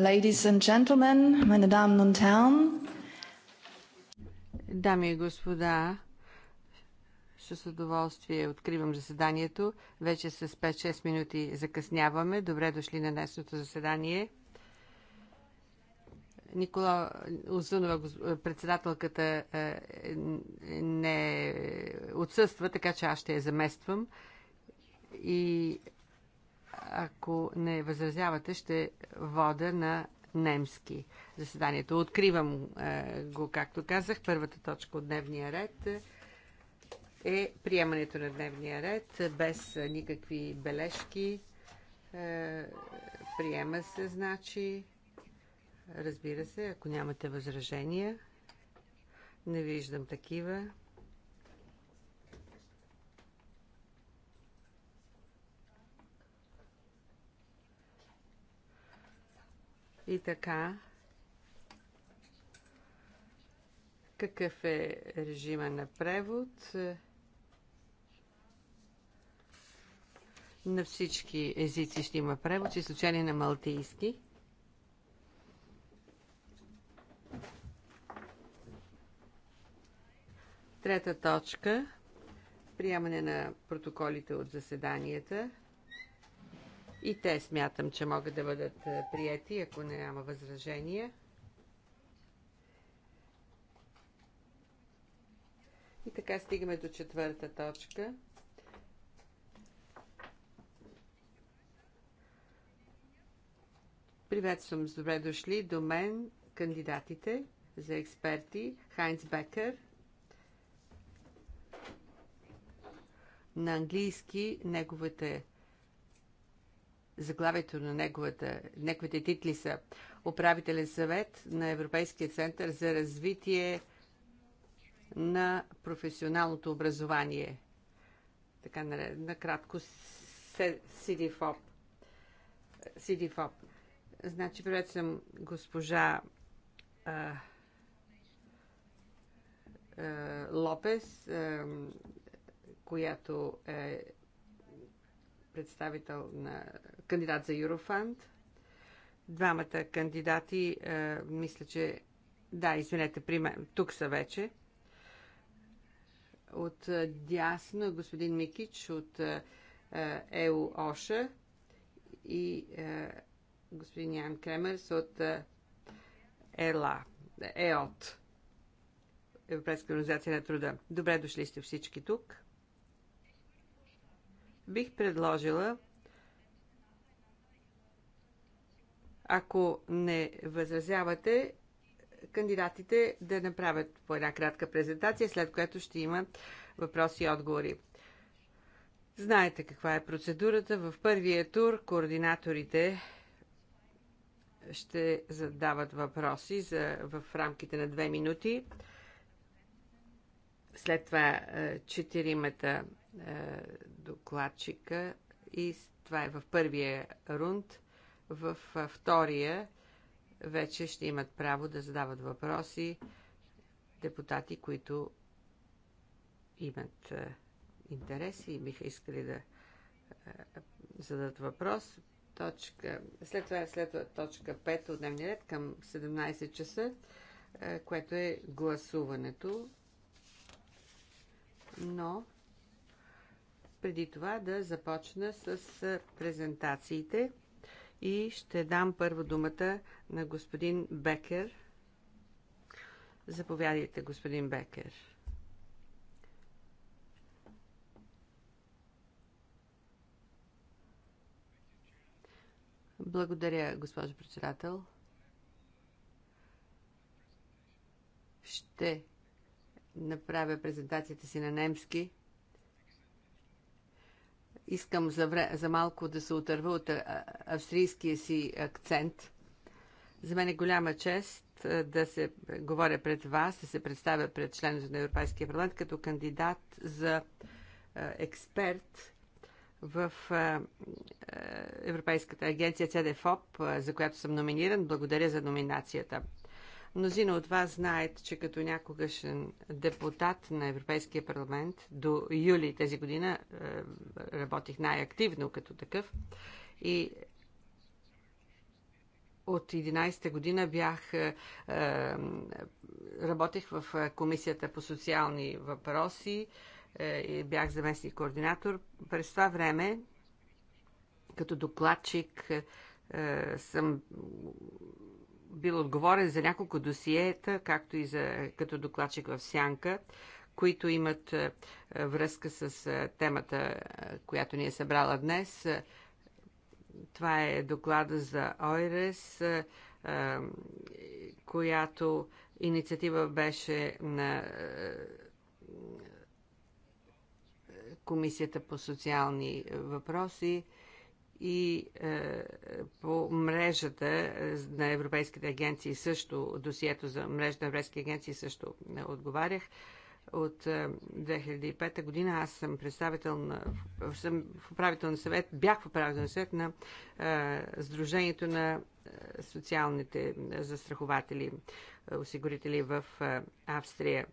Ladies and gentlemen, meine Damen und Herren. Дами и господа, с удоволствие откривам заседанието. Вече с 5-6 минути закъсняваме. Добре дошли на днешното заседание. Никола Озунова, председателката, е, не отсъства, така че аз ще я замествам. И ако не възразявате, ще вода на немски заседанието. Откривам е, го, както казах. Първата точка от дневния ред е приемането на дневния ред без никакви бележки. Е, приема се, значи, разбира се, ако нямате възражения. Не виждам такива. И така, какъв е режима на превод на всички езици ще има превод, с изключение на малтийски. Трета точка. Приемане на протоколите от заседанията. И те смятам, че могат да бъдат е, прияти, ако няма възражения. И така стигаме до четвърта точка. Приветствам с добре дошли до мен кандидатите за експерти Хайнц Бекер на английски неговите Заглавието на неговата, неговите титли са Управителен съвет на Европейския център за развитие на професионалното образование. Така накратко CDFOP. CDFOP. Значи, привет съм госпожа а, а, Лопес, а, която е представител на кандидат за Юрофанд. Двамата кандидати, е, мисля, че... Да, извинете, мен. тук са вече. От е, дясно е господин Микич от е, ЕУ е ОША и е, господин Ян Кремерс от е, ЕЛА, ЕОТ, е Европейска организация на труда. Добре дошли сте всички тук. Бих предложила Ако не възразявате, кандидатите да направят по една кратка презентация, след което ще имат въпроси и отговори. Знаете каква е процедурата. В първия тур координаторите ще задават въпроси за, в рамките на две минути. След това е, четиримата е, докладчика и това е в първия рунд – в втория вече ще имат право да задават въпроси депутати, които имат интереси и биха искали да зададат въпрос. Точка, след това, е, след е точка 5 от дневния ред към 17 часа, което е гласуването. Но преди това да започна с презентациите и ще дам първо думата на господин Бекер. Заповядайте, господин Бекер. Благодаря, госпожо председател. Ще направя презентацията си на немски. Искам за, вре, за малко да се отърва от австрийския си акцент. За мен е голяма чест да се говоря пред вас, да се представя пред членове на Европейския парламент като кандидат за експерт в Европейската агенция ЦДФОП, за която съм номиниран. Благодаря за номинацията. Мнозина от вас знаят, че като някогашен депутат на Европейския парламент до юли тази година е, работих най-активно като такъв и от 11-та година бях, работих е, е, работех в Комисията по социални въпроси и бях заместник координатор. През това време, като докладчик, съм бил отговорен за няколко досиета, както и за, като докладчик в Сянка, които имат е, е, връзка с е, темата, която ни е събрала днес. Това е доклада за ОИРЕС, която инициатива беше на Комисията по социални въпроси и е, по мрежата е, на европейските агенции също, досието за мрежата на европейски агенции също е, отговарях. От е, 2005 година аз съм представител на, съм в на съвет, бях в на съвет на е, Сдружението на е, социалните застрахователи, осигурители в Австрия.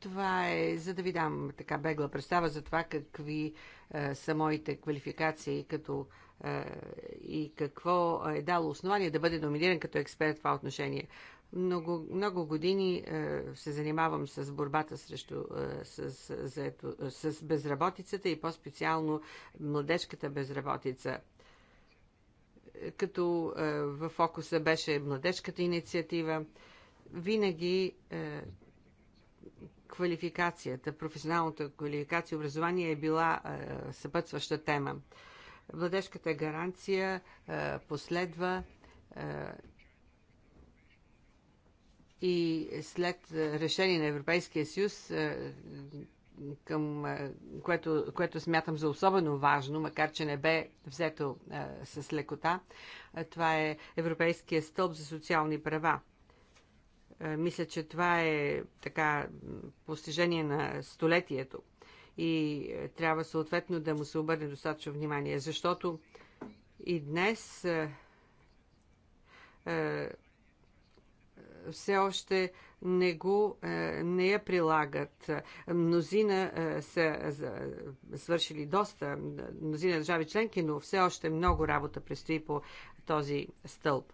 Това е, за да ви дам така бегла представа за това какви е, са моите квалификации като е, и какво е дало основание да бъде номиниран като експерт в това отношение. Много, много години е, се занимавам с борбата срещу, е, с, заето, е, с безработицата и по-специално младежката безработица като е, в фокуса беше младежката инициатива, винаги е, квалификацията, професионалната квалификация и образование е била е, съпътстваща тема. Владежката гаранция е, последва е, и след решение на Европейския съюз, към, което, което смятам за особено важно, макар че не бе взето с лекота, това е Европейския стълб за социални права е, мисля, че това е така постижение на столетието и е, трябва съответно да му се обърне достатъчно внимание, защото и днес е, все още не, го, не я прилагат. Мнозина са свършили доста, мнозина държави членки, но все още много работа предстои по този стълб.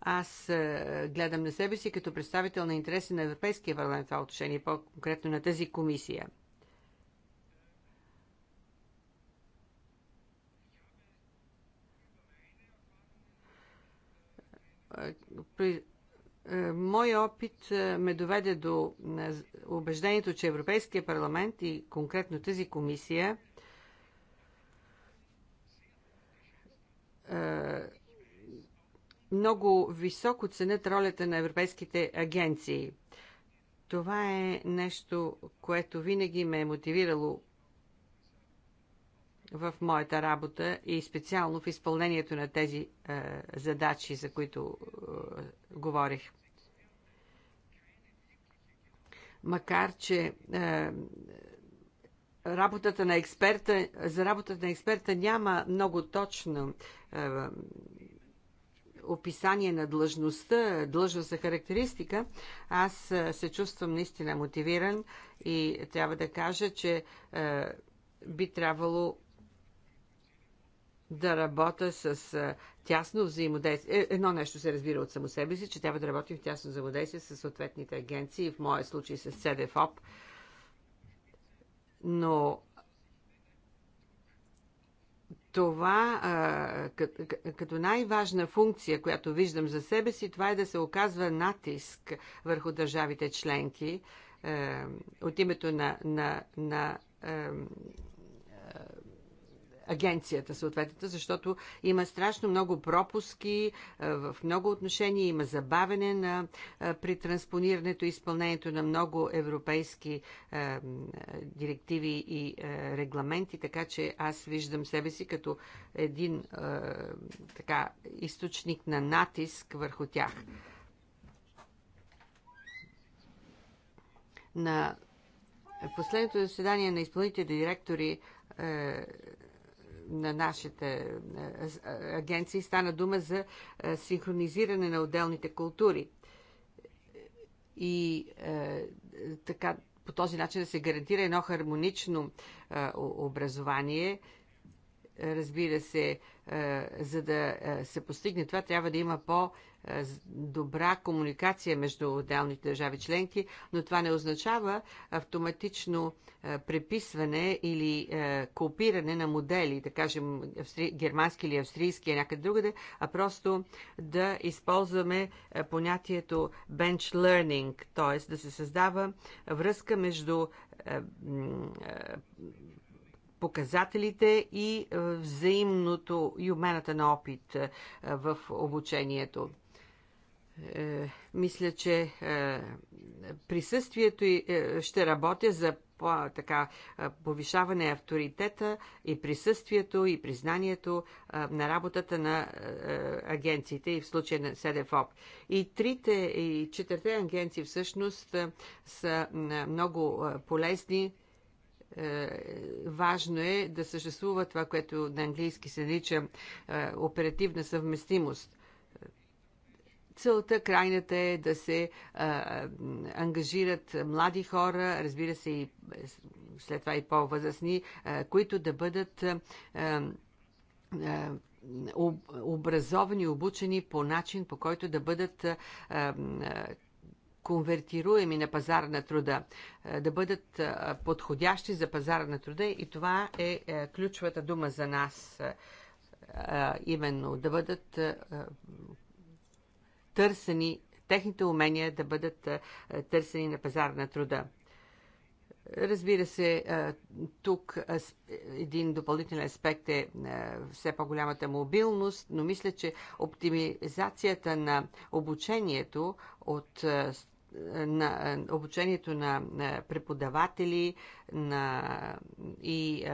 Аз е, гледам на себе си като представител на интереси на Европейския парламент в това отношение, по-конкретно на тази комисия. При, е, мой опит е, ме доведе до убеждението, че Европейския парламент и конкретно тази комисия много високо ценят ролята на европейските агенции. Това е нещо, което винаги ме е мотивирало в моята работа и специално в изпълнението на тези е, задачи, за които е, говорих. Макар, че е, работата на експерта, за работата на експерта няма много точно е, описание на длъжността, длъжностна характеристика, аз се чувствам наистина мотивиран и трябва да кажа, че би трябвало да работя с тясно взаимодействие. Е, едно нещо се разбира от само себе си, че трябва да работим в тясно взаимодействие с съответните агенции, в моя случай с СДФОП. Но това като най-важна функция, която виждам за себе си, това е да се оказва натиск върху държавите членки е, от името на, на, на е, агенцията съответната, защото има страшно много пропуски е, в много отношения, има забавене на, е, при транспонирането и изпълнението на много европейски е, директиви и регламенти, така че аз виждам себе си като един така, източник на натиск върху тях. На последното заседание на изпълнителните директори на нашите е, е, агенции стана дума за е, синхронизиране на отделните култури. И е, така, по този начин да се гарантира едно хармонично е, образование. Разбира се, е, за да се постигне това, трябва да има по- е, е, добра комуникация между отделните държави членки, но това не означава автоматично е, преписване или е, копиране на модели, да кажем германски или австрийски, някъде другаде, а просто да използваме понятието bench learning, т.е. да се създава връзка между показателите и взаимното и обмената на опит в обучението е, мисля, че е, присъствието и е, ще работя за по, така, е, повишаване авторитета и присъствието и признанието е, на работата на е, агенциите и в случая на СДФОП. И трите и четирите агенции всъщност е, са е, много е, полезни важно е да съществува това, което на английски се нарича оперативна съвместимост. Целта крайната е да се а, ангажират млади хора, разбира се и след това и по-възрастни, които да бъдат а, а, образовани, обучени по начин, по който да бъдат а, а, конвертируеми на пазара на труда, да бъдат подходящи за пазара на труда и това е, е ключовата дума за нас, именно да бъдат търсени, техните умения да бъдат търсени на пазар на труда. Разбира се, тук един допълнителен аспект е все по-голямата мобилност, но мисля, че оптимизацията на обучението от на обучението на преподаватели на, и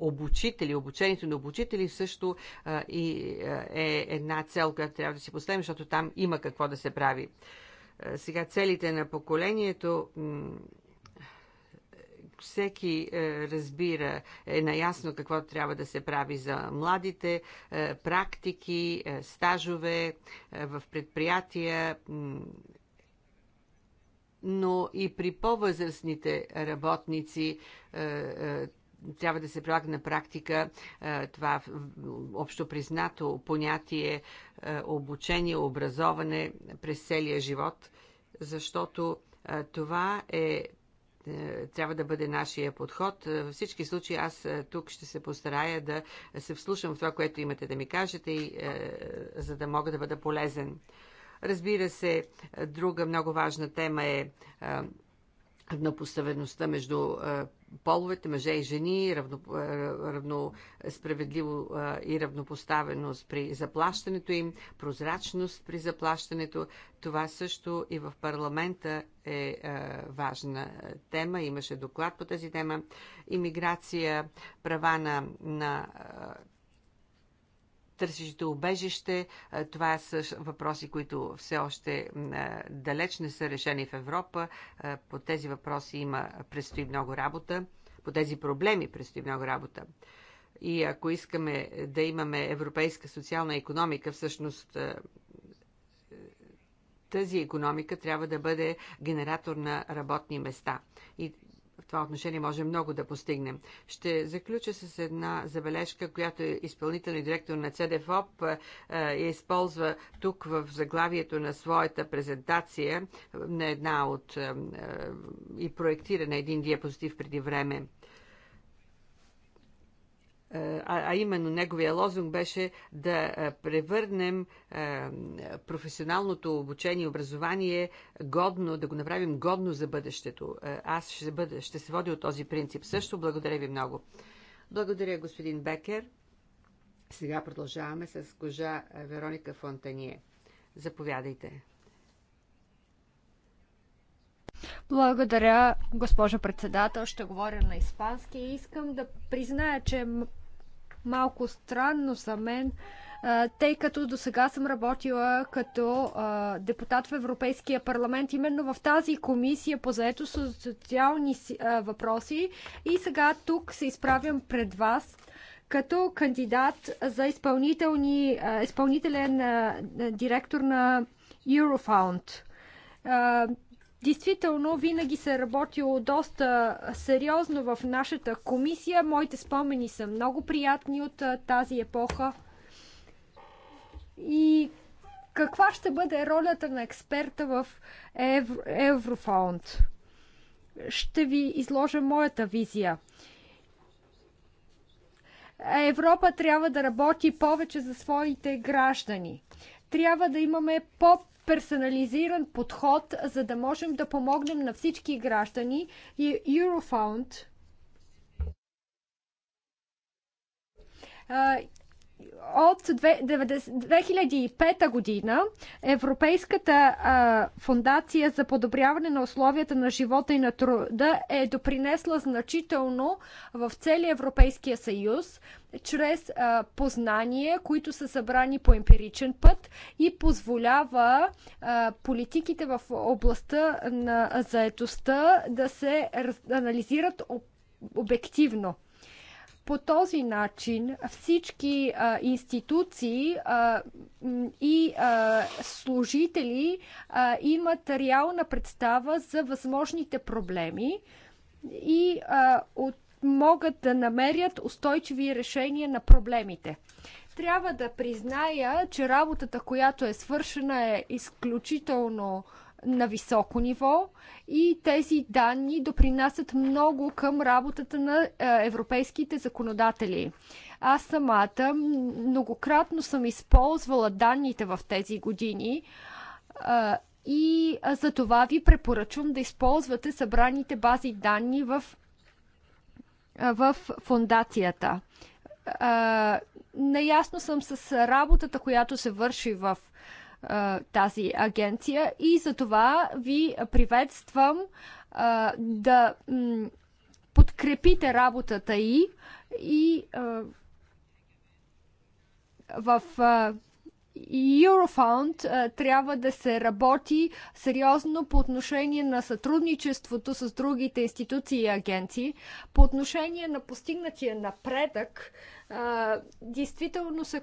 обучители, обучението на обучители също а, и, а, е една цел, която трябва да си поставим, защото там има какво да се прави. А, сега целите на поколението всеки е, разбира, е наясно какво трябва да се прави за младите, е, практики, е, стажове е, в предприятия, но и при по-възрастните работници е, е, трябва да се прилага на практика е, това общо признато понятие е, обучение, образоване през целия живот, защото е, това е трябва да бъде нашия подход. Във всички случаи аз тук ще се постарая да се вслушам в това, което имате да ми кажете, и, за да мога да бъда полезен. Разбира се, друга много важна тема е равнопоставеността между половете, мъже и жени, равно, е, равно е, справедливо е, и равнопоставеност при заплащането им, прозрачност при заплащането. Това също и в парламента е важна тема. Имаше доклад по тази тема. Имиграция, права на, на търсещите убежище. Това са въпроси, които все още далеч не са решени в Европа. По тези въпроси има, предстои много работа. По тези проблеми предстои много работа. И ако искаме да имаме европейска социална економика, всъщност тази економика трябва да бъде генератор на работни места. И в това отношение може много да постигнем. Ще заключа с една забележка, която изпълнителният директор на ЦДФОП е, е използва тук в заглавието на своята презентация на една от е, е, и проектира на един диапозитив преди време а, а именно неговия лозунг беше да превърнем професионалното обучение и образование годно, да го направим годно за бъдещето. Аз ще, бъде, ще се водя от този принцип. Също благодаря ви много. Благодаря, господин Бекер. Сега продължаваме с кожа Вероника Фонтание. Заповядайте. Благодаря, госпожо председател. Ще говоря на испански. и Искам да призная, че малко странно за мен, тъй като до сега съм работила като депутат в Европейския парламент, именно в тази комисия по заето с социални въпроси. И сега тук се изправям пред вас като кандидат за изпълнителни, изпълнителен директор на Eurofound Действително, винаги се е работило доста сериозно в нашата комисия. Моите спомени са много приятни от тази епоха. И каква ще бъде ролята на експерта в Еврофонд? Ще ви изложа моята визия. Европа трябва да работи повече за своите граждани. Трябва да имаме по персонализиран подход, за да можем да помогнем на всички граждани и Eurofound от 2005 година Европейската а, фундация за подобряване на условията на живота и на труда е допринесла значително в целия Европейския съюз чрез а, познания, които са събрани по емпиричен път и позволява а, политиките в областта на заетостта да се анализират обективно. По този начин всички а, институции а, и а, служители а, имат реална представа за възможните проблеми и а, от, могат да намерят устойчиви решения на проблемите трябва да призная, че работата, която е свършена е изключително на високо ниво и тези данни допринасят много към работата на е, европейските законодатели. Аз самата многократно съм използвала данните в тези години е, и за това ви препоръчвам да използвате събраните бази данни в, е, в фундацията наясно съм с работата, която се върши в тази агенция и за това ви приветствам да подкрепите работата и, и в Eurofound трябва да се работи сериозно по отношение на сътрудничеството с другите институции и агенции, по отношение на постигнатия напредък действително се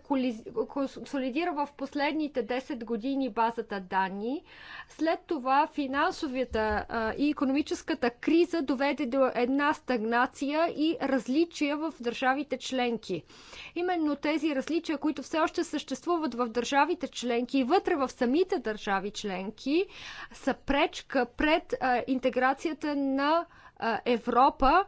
консолидира в последните 10 години базата данни. След това финансовата и економическата криза доведе до една стагнация и различия в държавите членки. Именно тези различия, които все още съществуват в държавите членки и вътре в самите държави членки, са пречка пред интеграцията на Европа,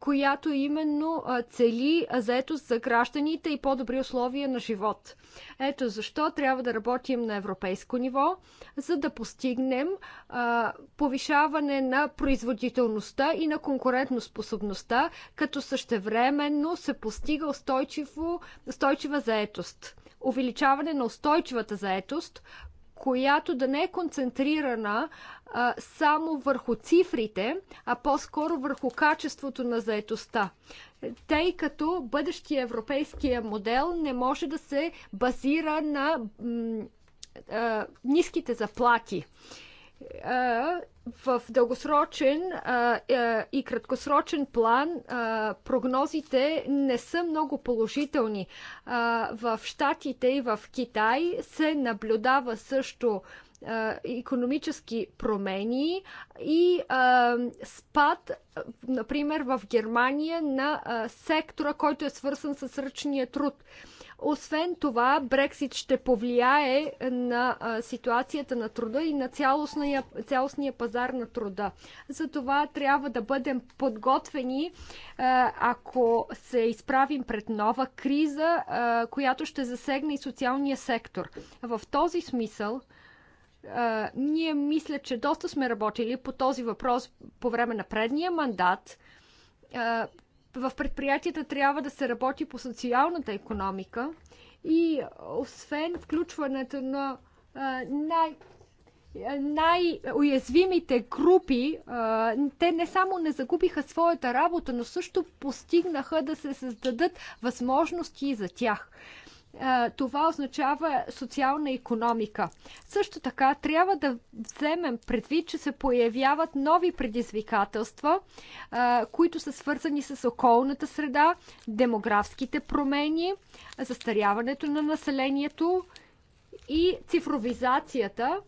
която именно цели заетост за гражданите и по-добри условия на живот. Ето защо трябва да работим на европейско ниво, за да постигнем повишаване на производителността и на конкурентоспособността, като същевременно се постига устойчиво, устойчива заетост увеличаване на устойчивата заетост, която да не е концентрирана а, само върху цифрите, а по-скоро върху качеството на заетостта. Тъй като бъдещия европейския модел не може да се базира на м, а, ниските заплати. А, в дългосрочен е, и краткосрочен план прогнозите не са много положителни. В Штатите и в Китай се наблюдава също економически промени и а, спад, например, в Германия на а, сектора, който е свързан с ръчния труд. А, освен това, Брексит ще повлияе на ситуацията на труда и на цялостния, цялостния пазар на труда. Затова трябва да бъдем подготвени, ако се изправим пред нова криза, която ще засегне и социалния сектор. В този смисъл, ние мисля, че доста сме работили по този въпрос по време на предния мандат в предприятията трябва да се работи по социалната економика и освен включването на най- най-уязвимите групи, те не само не загубиха своята работа, но също постигнаха да се създадат възможности за тях това означава социална економика. Също така трябва да вземем предвид, че се появяват нови предизвикателства, които са свързани с околната среда, демографските промени, застаряването на населението и цифровизацията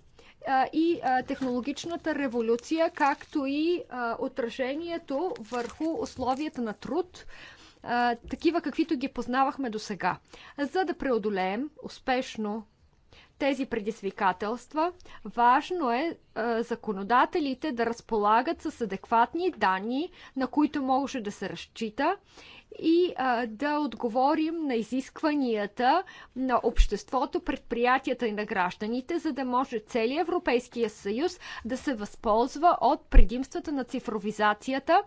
и технологичната революция, както и отражението върху условията на труд, а, такива, каквито ги познавахме до сега. За да преодолеем успешно тези предизвикателства, важно е а, законодателите да разполагат с адекватни данни, на които може да се разчита и а, да отговорим на изискванията на обществото, предприятията и на гражданите, за да може целият Европейския съюз да се възползва от предимствата на цифровизацията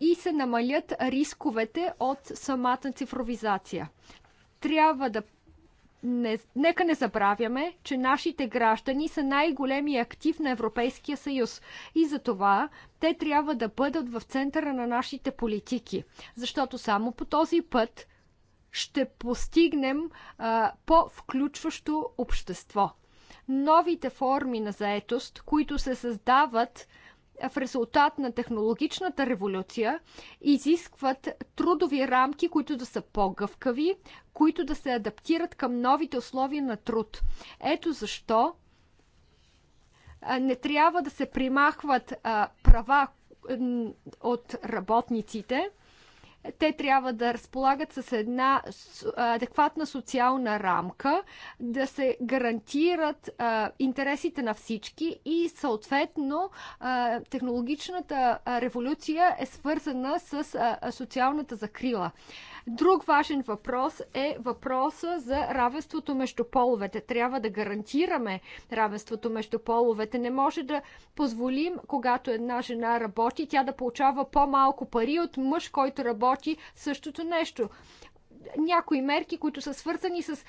и се намалят рисковете от самата цифровизация. Трябва да не, нека не забравяме, че нашите граждани са най големи актив на Европейския съюз и за това те трябва да бъдат в центъра на нашите политики, защото само по този път ще постигнем а, по-включващо общество. Новите форми на заетост, които се създават, в резултат на технологичната революция изискват трудови рамки, които да са по-гъвкави, които да се адаптират към новите условия на труд. Ето защо не трябва да се примахват права от работниците – те трябва да разполагат с една адекватна социална рамка, да се гарантират а, интересите на всички и съответно а, технологичната революция е свързана с а, социалната закрила. Друг важен въпрос е въпроса за равенството между половете. Трябва да гарантираме равенството между половете. Не може да позволим, когато една жена работи, тя да получава по-малко пари от мъж, който работи същото нещо някои мерки, които са свързани с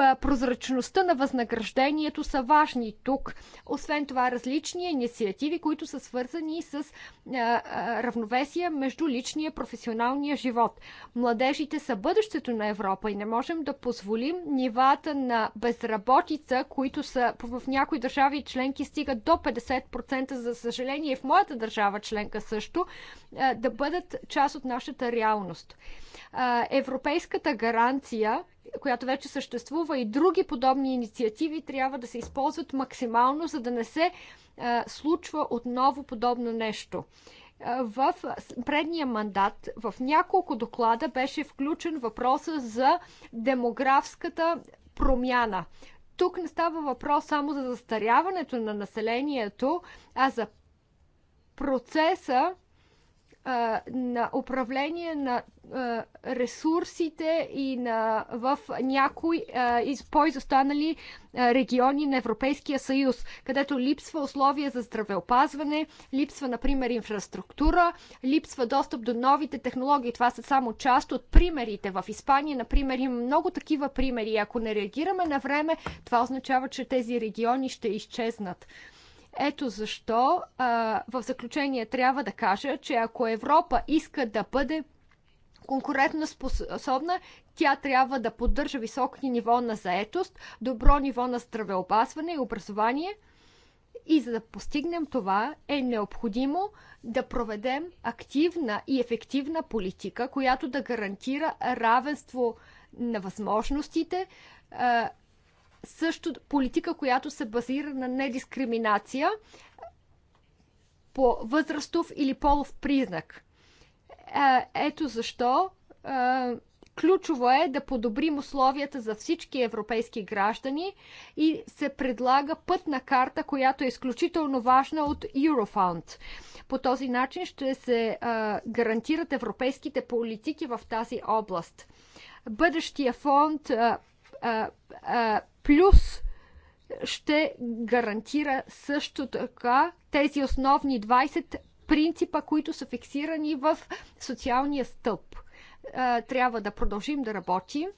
е, прозрачността на възнаграждението са важни тук. Освен това, различни инициативи, които са свързани с е, е, равновесие между личния и професионалния живот. Младежите са бъдещето на Европа и не можем да позволим нивата на безработица, които са в някои държави членки стигат до 50%, за съжаление и в моята държава членка също, да бъдат част от нашата реалност. Европейската гаранция която вече съществува и други подобни инициативи трябва да се използват максимално, за да не се случва отново подобно нещо в предния мандат в няколко доклада беше включен въпроса за демографската промяна. Тук не става въпрос само за застаряването на населението, а за процеса на управление на ресурсите и на, в някои по-изостанали региони на Европейския съюз, където липсва условия за здравеопазване, липсва, например, инфраструктура, липсва достъп до новите технологии. Това са само част от примерите. В Испания, например, има много такива примери. Ако не реагираме на време, това означава, че тези региони ще изчезнат. Ето защо а, в заключение трябва да кажа, че ако Европа иска да бъде конкурентно способна, тя трябва да поддържа високи ниво на заетост, добро ниво на здравеопазване и образование. И за да постигнем това е необходимо да проведем активна и ефективна политика, която да гарантира равенство на възможностите, също политика, която се базира на недискриминация по възрастов или полов признак. Е, ето защо е, ключово е да подобрим условията за всички европейски граждани и се предлага пътна карта, която е изключително важна от Eurofound. По този начин ще се е, гарантират европейските политики в тази област. Бъдещия фонд плюс ще гарантира също така тези основни 20 принципа, които са фиксирани в социалния стълб. Трябва да продължим да работим,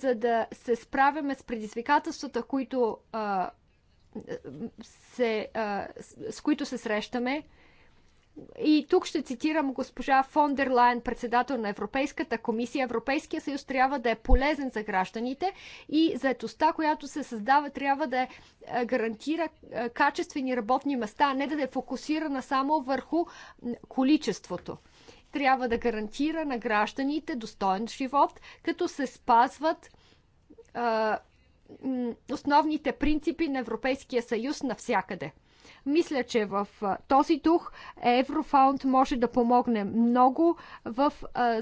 за да се справяме с предизвикателствата, които се, с които се срещаме, и тук ще цитирам госпожа Фондер Лайн, председател на Европейската комисия. Европейския съюз трябва да е полезен за гражданите и заетостта, която се създава, трябва да е, е, гарантира е, качествени работни места, а не да е фокусирана само върху количеството трябва да гарантира на гражданите достоен живот, като се спазват основните принципи на Европейския съюз навсякъде. Мисля, че в този дух Еврофаунд може да помогне много в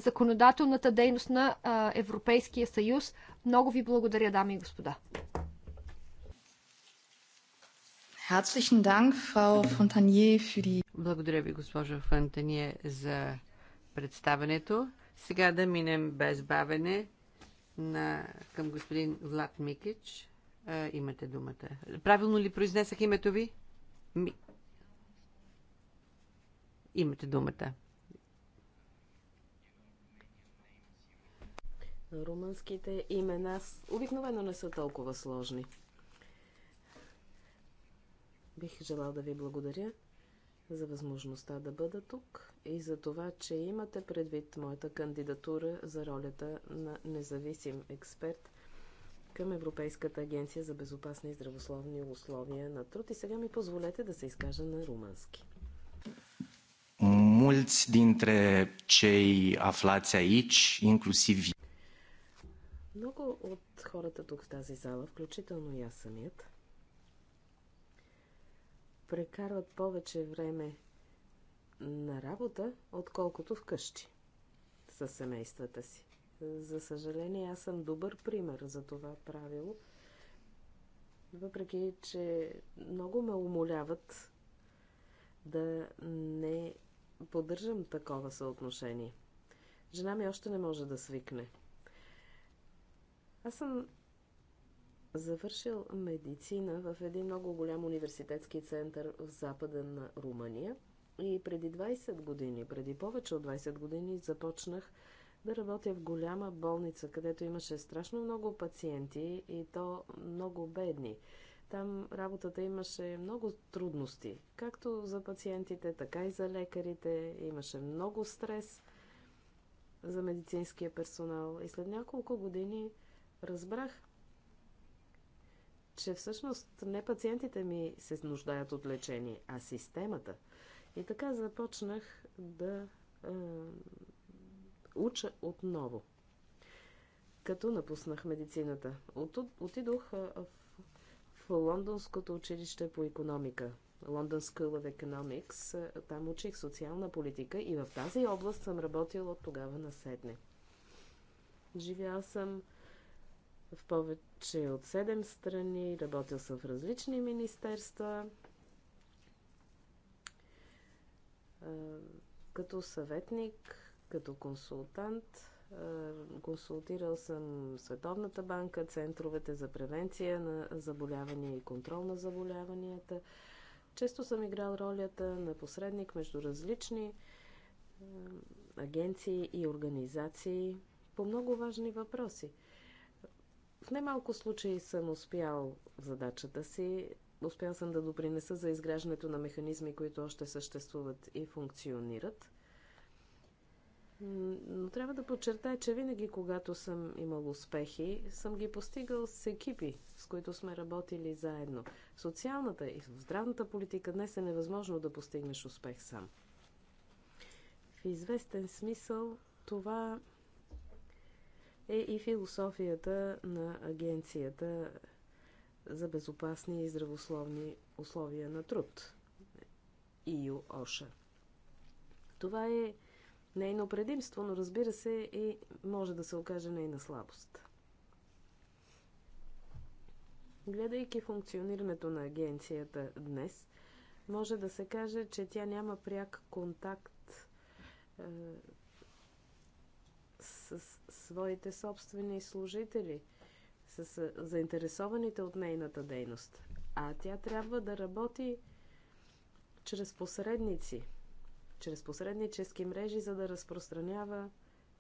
законодателната дейност на Европейския съюз. Много ви благодаря, дами и господа. Благодаря ви, госпожо Фонтанье, за представенето. Сега да минем без бавене на, към господин Влад Микич. имате думата. Правилно ли произнесах името ви? Ми... Имате думата. Румънските имена обикновено не са толкова сложни. Бих желал да ви благодаря за възможността да бъда тук и за това, че имате предвид моята кандидатура за ролята на независим експерт към Европейската агенция за безопасни и здравословни условия на труд. И сега ми позволете да се изкажа на румънски. Mulți dintre cei aflați aici, inclusiv много от хората тук в тази зала, включително и аз самият, прекарват повече време на работа, отколкото вкъщи с семействата си. За съжаление, аз съм добър пример за това правило. Въпреки, че много ме умоляват да не поддържам такова съотношение. Жена ми още не може да свикне. Аз съм завършил медицина в един много голям университетски център в запада на Румъния. И преди 20 години, преди повече от 20 години, започнах да работя в голяма болница, където имаше страшно много пациенти и то много бедни. Там работата имаше много трудности, както за пациентите, така и за лекарите. Имаше много стрес за медицинския персонал. И след няколко години разбрах, че всъщност не пациентите ми се нуждаят от лечение, а системата. И така започнах да уча отново, като напуснах медицината. отидох в, в Лондонското училище по економика. London School of Economics. Там учих социална политика и в тази област съм работила от тогава на седне. Живял съм в повече от 7 страни, работил съм в различни министерства, като съветник като консултант. Консултирал съм Световната банка, центровете за превенция на заболявания и контрол на заболяванията. Често съм играл ролята на посредник между различни агенции и организации по много важни въпроси. В немалко случаи съм успял в задачата си. Успял съм да допринеса за изграждането на механизми, които още съществуват и функционират. Но трябва да подчертая, че винаги, когато съм имал успехи, съм ги постигал с екипи, с които сме работили заедно. В социалната и в здравната политика днес е невъзможно да постигнеш успех сам. В известен смисъл това е и философията на Агенцията за безопасни и здравословни условия на труд. ИО ОША. Това е нейно предимство, но разбира се и може да се окаже нейна слабост. Гледайки функционирането на агенцията днес, може да се каже, че тя няма пряк контакт е, с своите собствени служители, с заинтересованите от нейната дейност. А тя трябва да работи чрез посредници – чрез посреднически мрежи, за да разпространява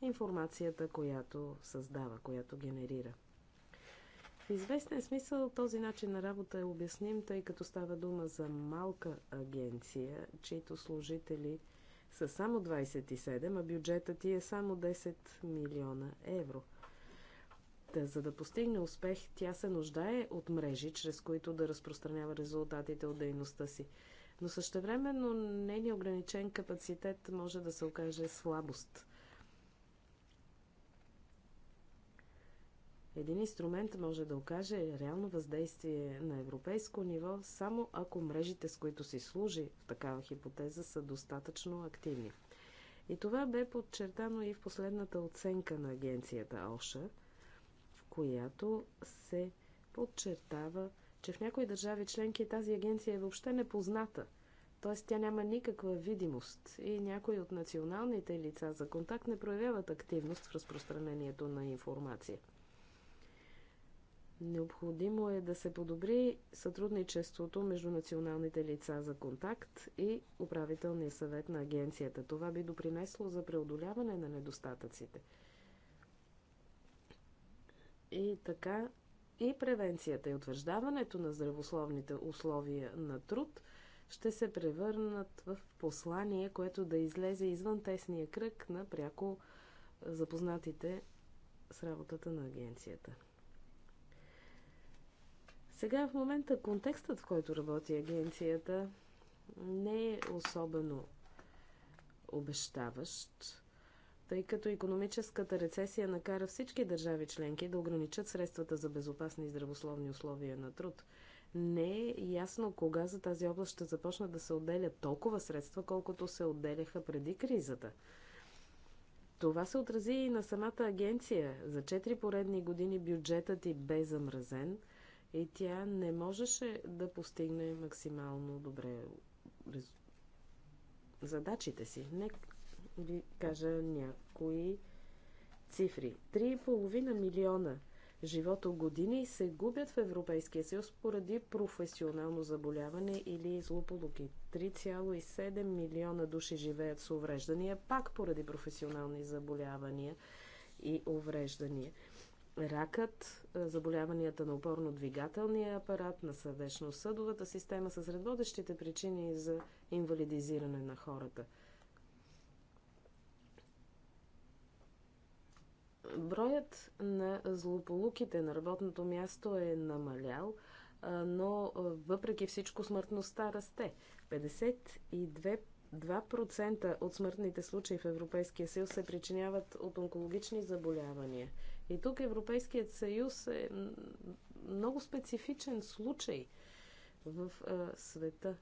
информацията, която създава, която генерира. В известен смисъл този начин на работа е обясним, тъй като става дума за малка агенция, чието служители са само 27, а бюджетът ти е само 10 милиона евро. Та, за да постигне успех, тя се нуждае от мрежи, чрез които да разпространява резултатите от дейността си но същевременно нейният ограничен капацитет може да се окаже слабост. Един инструмент може да окаже реално въздействие на европейско ниво, само ако мрежите, с които си служи в такава хипотеза, са достатъчно активни. И това бе подчертано и в последната оценка на агенцията ОША, в която се подчертава че в някои държави членки тази агенция е въобще непозната. Т.е. тя няма никаква видимост и някои от националните лица за контакт не проявяват активност в разпространението на информация. Необходимо е да се подобри сътрудничеството между националните лица за контакт и управителния съвет на агенцията. Това би допринесло за преодоляване на недостатъците. И така и превенцията и утвърждаването на здравословните условия на труд ще се превърнат в послание, което да излезе извън тесния кръг на пряко запознатите с работата на агенцията. Сега в момента контекстът, в който работи агенцията, не е особено обещаващ тъй като економическата рецесия накара всички държави членки да ограничат средствата за безопасни и здравословни условия на труд. Не е ясно кога за тази област ще започнат да се отделят толкова средства, колкото се отделяха преди кризата. Това се отрази и на самата агенция. За четири поредни години бюджетът и бе замразен и тя не можеше да постигне максимално добре задачите си. Нека ви кажа някои цифри. 3,5 милиона живото години се губят в Европейския съюз поради професионално заболяване или злополуки. 3,7 милиона души живеят с увреждания, пак поради професионални заболявания и увреждания. Ракът, заболяванията на опорно-двигателния апарат, на сърдечно-съдовата система са сред водещите причини за инвалидизиране на хората – Броят на злополуките на работното място е намалял, но въпреки всичко смъртността расте. 52% от смъртните случаи в Европейския съюз се причиняват от онкологични заболявания. И тук Европейският съюз е много специфичен случай в света.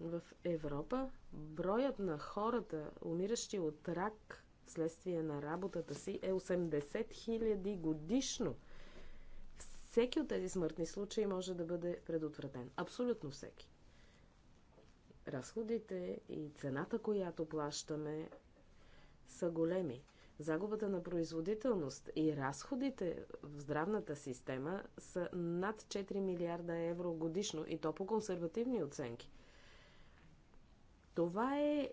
В Европа броят на хората, умиращи от рак, вследствие на работата си е 80 000 годишно. Всеки от тези смъртни случаи може да бъде предотвратен. Абсолютно всеки. Разходите и цената, която плащаме, са големи. Загубата на производителност и разходите в здравната система са над 4 милиарда евро годишно и то по консервативни оценки. Това е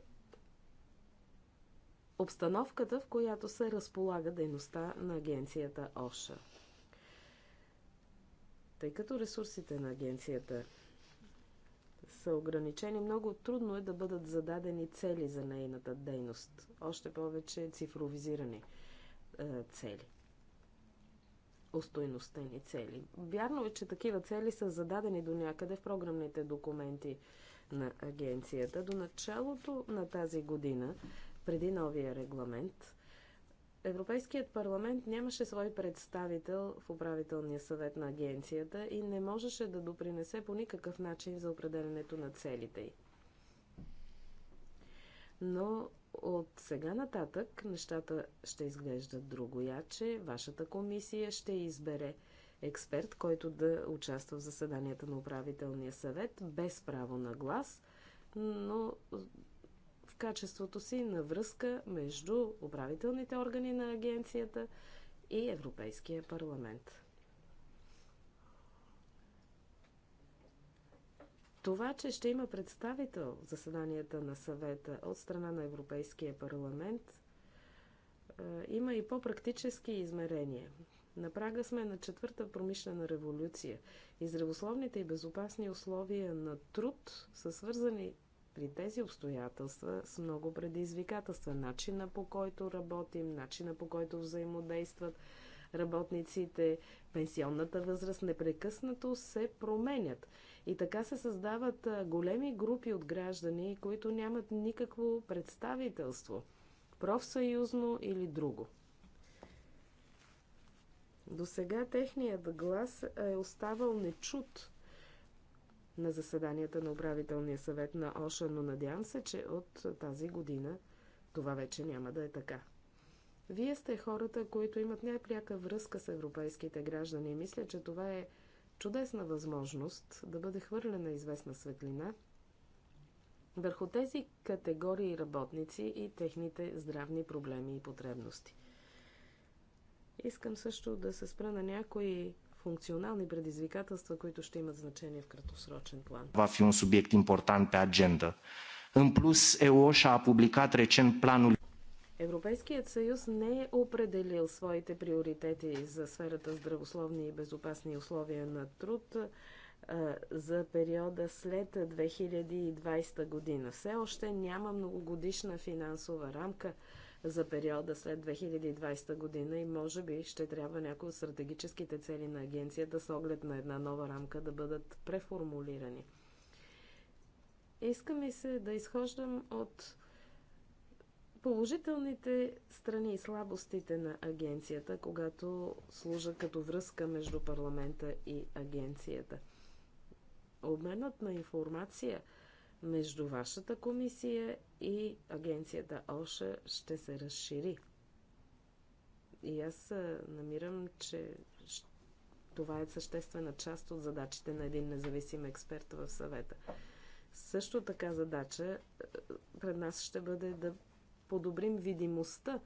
обстановката, в която се разполага дейността на агенцията ОША. Тъй като ресурсите на агенцията са ограничени, много трудно е да бъдат зададени цели за нейната дейност, още повече цифровизирани е, цели устойностени цели. Вярно е, че такива цели са зададени до някъде в програмните документи на агенцията. До началото на тази година преди новия регламент, Европейският парламент нямаше свой представител в управителния съвет на агенцията и не можеше да допринесе по никакъв начин за определенето на целите й. Но от сега нататък нещата ще изглеждат другояче. Вашата комисия ще избере експерт, който да участва в заседанията на управителния съвет без право на глас, но в качеството си на връзка между управителните органи на агенцията и Европейския парламент. Това, че ще има представител в заседанията на съвета от страна на Европейския парламент, е, има и по-практически измерения. На прага сме на четвърта промишлена революция и здравословните и безопасни условия на труд са свързани при тези обстоятелства с много предизвикателства, начина по който работим, начина по който взаимодействат работниците, пенсионната възраст непрекъснато се променят. И така се създават големи групи от граждани, които нямат никакво представителство, профсъюзно или друго. До сега техният глас е оставал нечут на заседанията на управителния съвет на ОША, но надявам се, че от тази година това вече няма да е така. Вие сте хората, които имат най-пряка връзка с европейските граждани и мисля, че това е чудесна възможност да бъде хвърлена известна светлина върху тези категории работници и техните здравни проблеми и потребности. Искам също да се спра на някои функционални предизвикателства, които ще имат значение в краткосрочен план. Това е un subiect important pe agenda. În plus, EU a publicat recent planul Европейският съюз не е определил своите приоритети за сферата здравословни и безопасни условия на труд за периода след 2020 година. Все още няма многогодишна финансова рамка за периода след 2020 година и може би ще трябва някои от стратегическите цели на агенцията с оглед на една нова рамка да бъдат преформулирани. Иска ми се да изхождам от положителните страни и слабостите на агенцията, когато служа като връзка между парламента и агенцията. Обменът на информация – между вашата комисия и агенцията ОША ще се разшири. И аз намирам, че това е съществена част от задачите на един независим експерт в съвета. Също така задача пред нас ще бъде да подобрим видимостта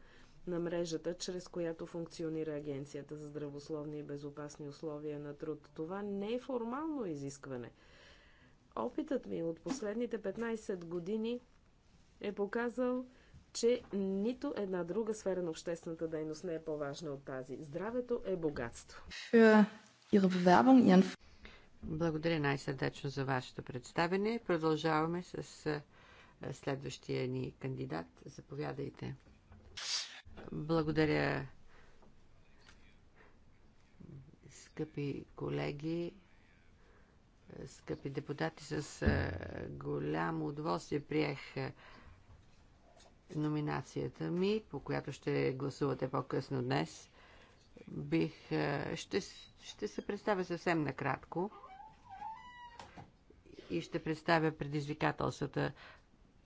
на мрежата, чрез която функционира Агенцията за здравословни и безопасни условия на труд. Това не е формално изискване – Опитът ми от последните 15 години е показал, че нито една друга сфера на обществената дейност не е по-важна от тази. Здравето е богатство. Е, Благодаря най-сърдечно за вашето представене. Продължаваме с е, следващия ни кандидат. Заповядайте. Благодаря, скъпи колеги скъпи депутати, с голямо удоволствие приех номинацията ми, по която ще гласувате по-късно днес. Бих, ще, ще се представя съвсем накратко и ще представя предизвикателствата,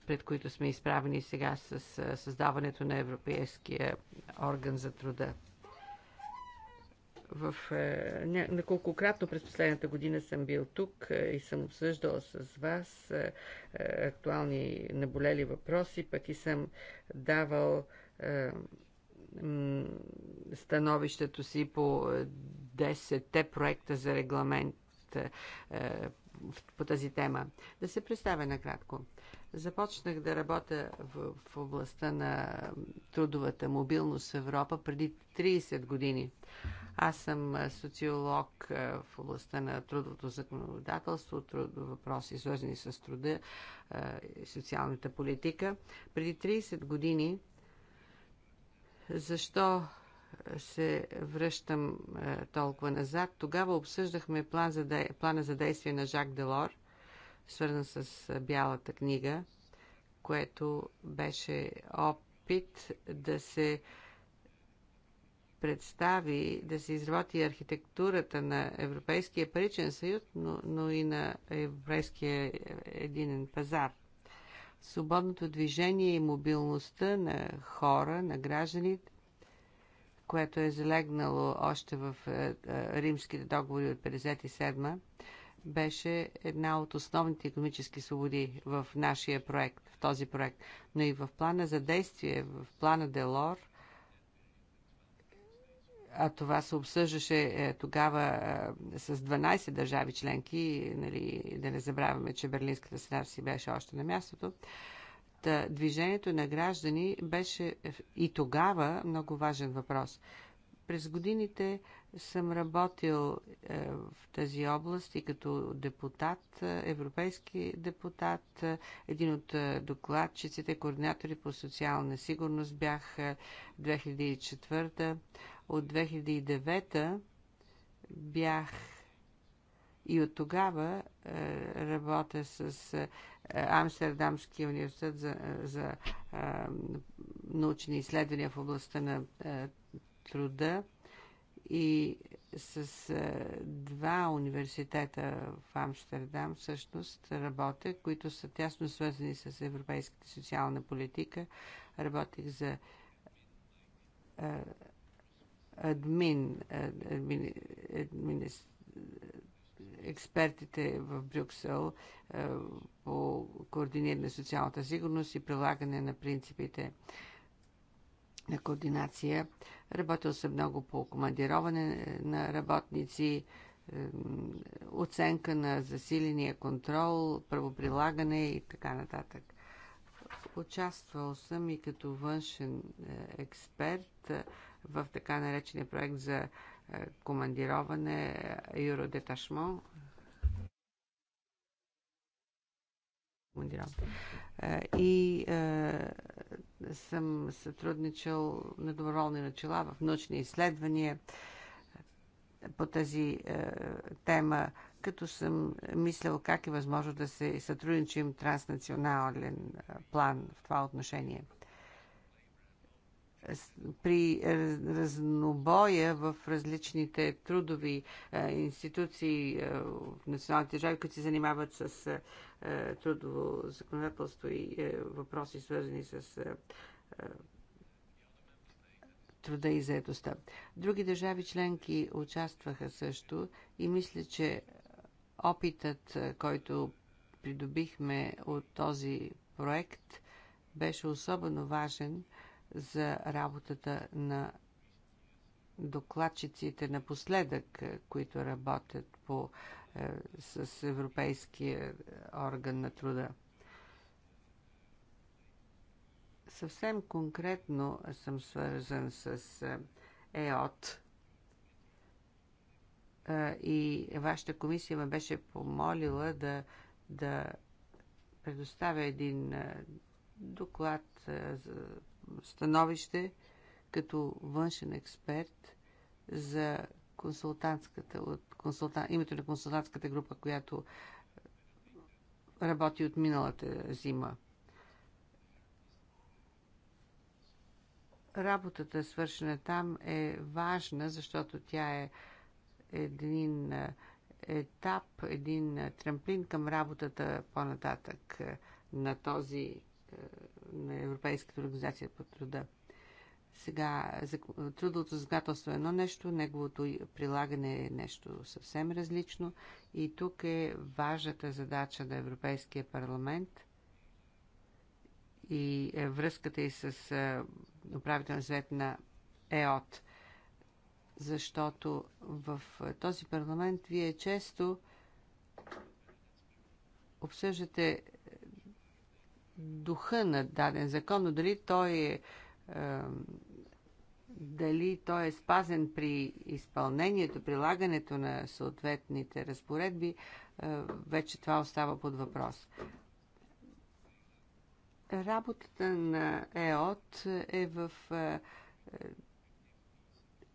пред които сме изправени сега с създаването на Европейския орган за труда. В, е, неколкократно през последната година съм бил тук е, и съм обсъждал с вас е, актуални наболели въпроси, пък и съм давал становището си по 10-те проекта за регламент по тази тема. Да се представя накратко. Започнах да работя в, в областта на трудовата мобилност в Европа преди 30 години. Аз съм социолог в областта на трудовото законодателство, труд, въпроси свързани с труда и социалната политика. Преди 30 години защо се връщам толкова назад. Тогава обсъждахме план за де... плана за действие на Жак Делор, свързан с Бялата книга, което беше опит да се представи, да се изработи архитектурата на Европейския паричен съюз, но, но и на Европейския единен пазар. Свободното движение и мобилността на хора, на гражданите, което е залегнало още в е, е, римските договори от 57 беше една от основните економически свободи в нашия проект, в този проект. Но и в плана за действие, в плана Делор – а това се обсъждаше е, тогава е, с 12 държави членки, нали, да не забравяме, че Берлинската стена си беше още на мястото. Та, движението на граждани беше е, и тогава много важен въпрос. През годините съм работил в тази област и като депутат, европейски депутат, един от докладчиците, координатори по социална сигурност бях 2004 от 2009 бях и от тогава е, работя с е, Амстердамския университет за, е, за е, научни изследвания в областта на е, труда и с е, два университета в Амстердам всъщност работя, които са тясно свързани с европейската социална политика. Работих за е, админ, админ, админ експертите в Брюксел по координиране на социалната сигурност и прилагане на принципите на координация. Работил съм много по командироване на работници, оценка на засиления контрол, правоприлагане и така нататък. Участвал съм и като външен е, експерт в така наречения проект за е, командироване е, Юродеташмо. Е, и е, съм сътрудничал на доброволни начала в научни изследвания по тази е, тема, като съм мислял как е възможно да се сътрудничим транснационален план в това отношение при разнобоя в различните трудови е, институции е, в националните държави, които се занимават с е, трудово законодателство и въпроси, свързани с труда и заедостта. Други държави членки участваха също и мисля, че опитът, който придобихме от този проект, беше особено важен – за работата на докладчиците напоследък, е, които работят по, е, с Европейския орган на труда. Съвсем конкретно съм свързан с е, ЕОТ е, и вашата комисия ме беше помолила да, да предоставя един доклад за становище като външен експерт за консултантската, от консултант, името на консултантската група, която работи от миналата зима. Работата, свършена там, е важна, защото тя е един е, етап, един трамплин към работата по-нататък е, на този е, Европейската организация по труда. Сега, трудовото законодателство е едно нещо, неговото прилагане е нещо съвсем различно и тук е важната задача на Европейския парламент и е връзката и с управителен свет на ЕОТ. Защото в този парламент вие често обсъждате духа на даден закон, но дали той е, е дали той е спазен при изпълнението, прилагането на съответните разпоредби, е, вече това остава под въпрос. Работата на ЕОТ е в е, е,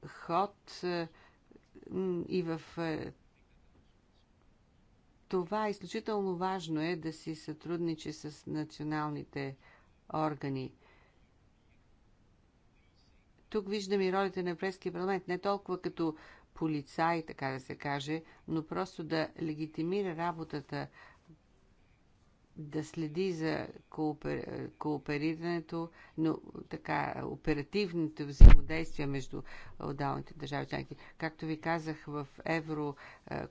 ход и в това е изключително важно е да си сътрудничи с националните органи. Тук виждам и ролите на Европейския парламент, не толкова като полицай, така да се каже, но просто да легитимира работата да следи за коопер... кооперирането, но така оперативното взаимодействие между отдалните държави членки. Както ви казах, в е,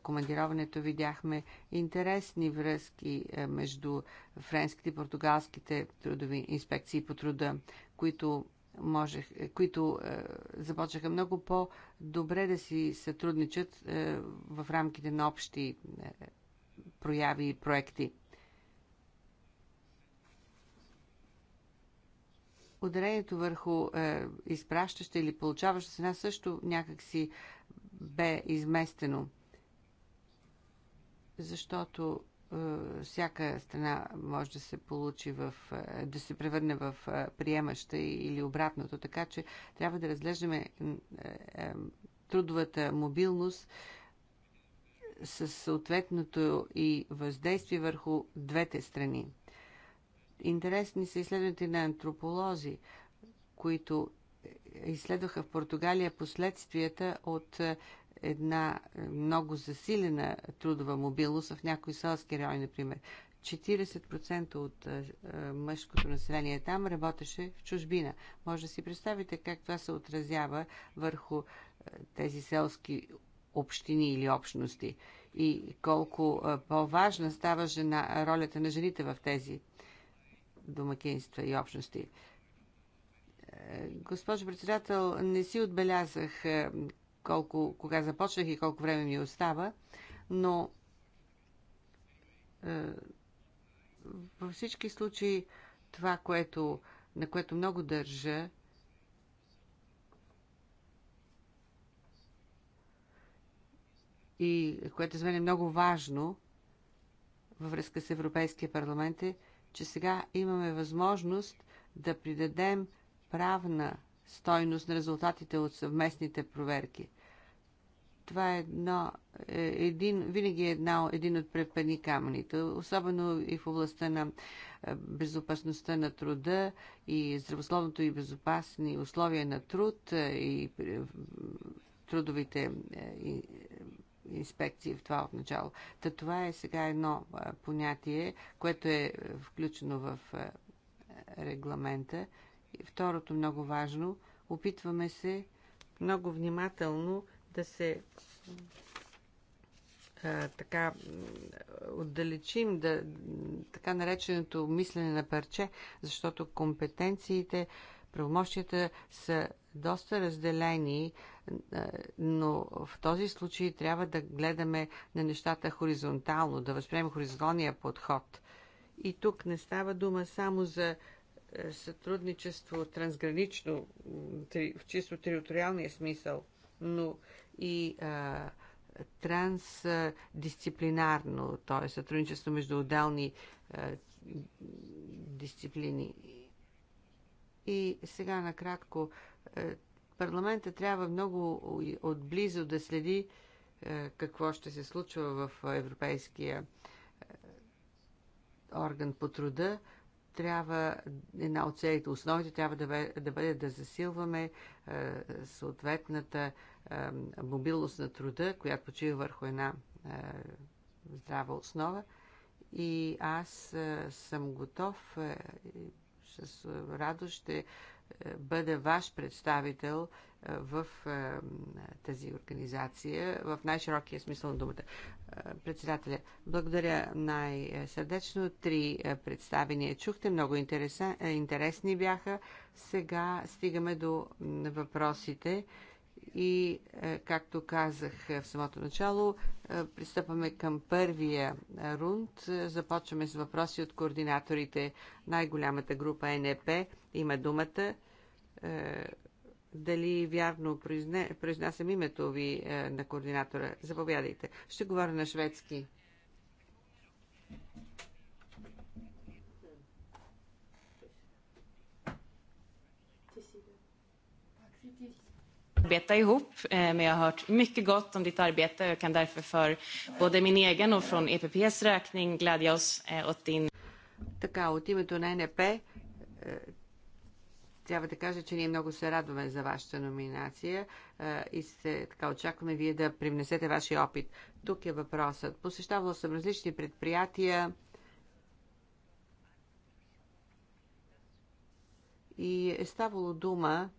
командироването видяхме интересни връзки е, между френските и португалските трудови инспекции по труда, които можех, е, които е, започнаха много по-добре да си сътрудничат е, в рамките на общи е, прояви и проекти. ударението върху е, изпращаща или получаваща цена също някакси бе изместено, защото е, всяка страна може да се получи в, е, да се превърне в е, приемаща или обратното, така че трябва да разглеждаме е, е, трудовата мобилност със съответното и въздействие върху двете страни. Интересни са изследването на антрополози, които изследваха в Португалия последствията от е, една е, много засилена трудова мобилност в някои селски райони, например. 40% от а, е, мъжкото население там работеше в чужбина. Може да си представите как това се отразява върху а, тези селски общини или общности и колко по-важна става жена, ролята на жените в тези домакинства и общности. Е, госпожо председател, не си отбелязах е, колко, кога започнах и колко време ми остава, но е, във всички случаи това, което, на което много държа, и което за мен е много важно във връзка с Европейския парламент е, че сега имаме възможност да придадем правна стойност на резултатите от съвместните проверки. Това е едно, е, един, винаги е една, един от препени камъните, особено и в областта на е, безопасността на труда и здравословното и безопасни условия на труд е, и трудовите инспекции в това отначало. Та това е сега едно понятие, което е, е включено в регламента. И второто много важно, опитваме се много внимателно да се а, така отдалечим да, така нареченото мислене на парче, защото компетенциите, правомощията са доста разделени но в този случай трябва да гледаме на нещата хоризонтално, да възприемем хоризонталния подход. И тук не става дума само за е, сътрудничество трансгранично, в чисто териториалния смисъл, но и а, трансдисциплинарно, т.е. сътрудничество между отделни а, е, дисциплини. И сега накратко е, Парламента трябва много отблизо да следи е, какво ще се случва в Европейския е, орган по труда. Трябва, една от целите, основите трябва да, да бъде да засилваме е, съответната мобилност на труда, която почива върху една здрава основа. И аз съм готов с радост ще бъда ваш представител е, в е, тази организация, в най-широкия смисъл на думата. Е, председателя, благодаря най-сърдечно. Три представения чухте, много интересни бяха. Сега стигаме до въпросите и, е, както казах е, в самото начало, е, пристъпваме към първия рунд. Започваме с въпроси от координаторите. Най-голямата група НЕП има думата. Дали вярно произнасям името ви на координатора? Заповядайте. Ще говоря на шведски. arbeta ihop. Eh, men jag har hört mycket gott om ditt arbete och jag kan därför för både min egen och från EPPs räkning glädja oss eh, åt din... Така, от името на НП е, трябва да кажа, че ние много се радваме за вашата номинация е, и се, така очакваме вие да привнесете вашия опит. Тук е въпросът. Посещавала съм различни предприятия, и е ставало дума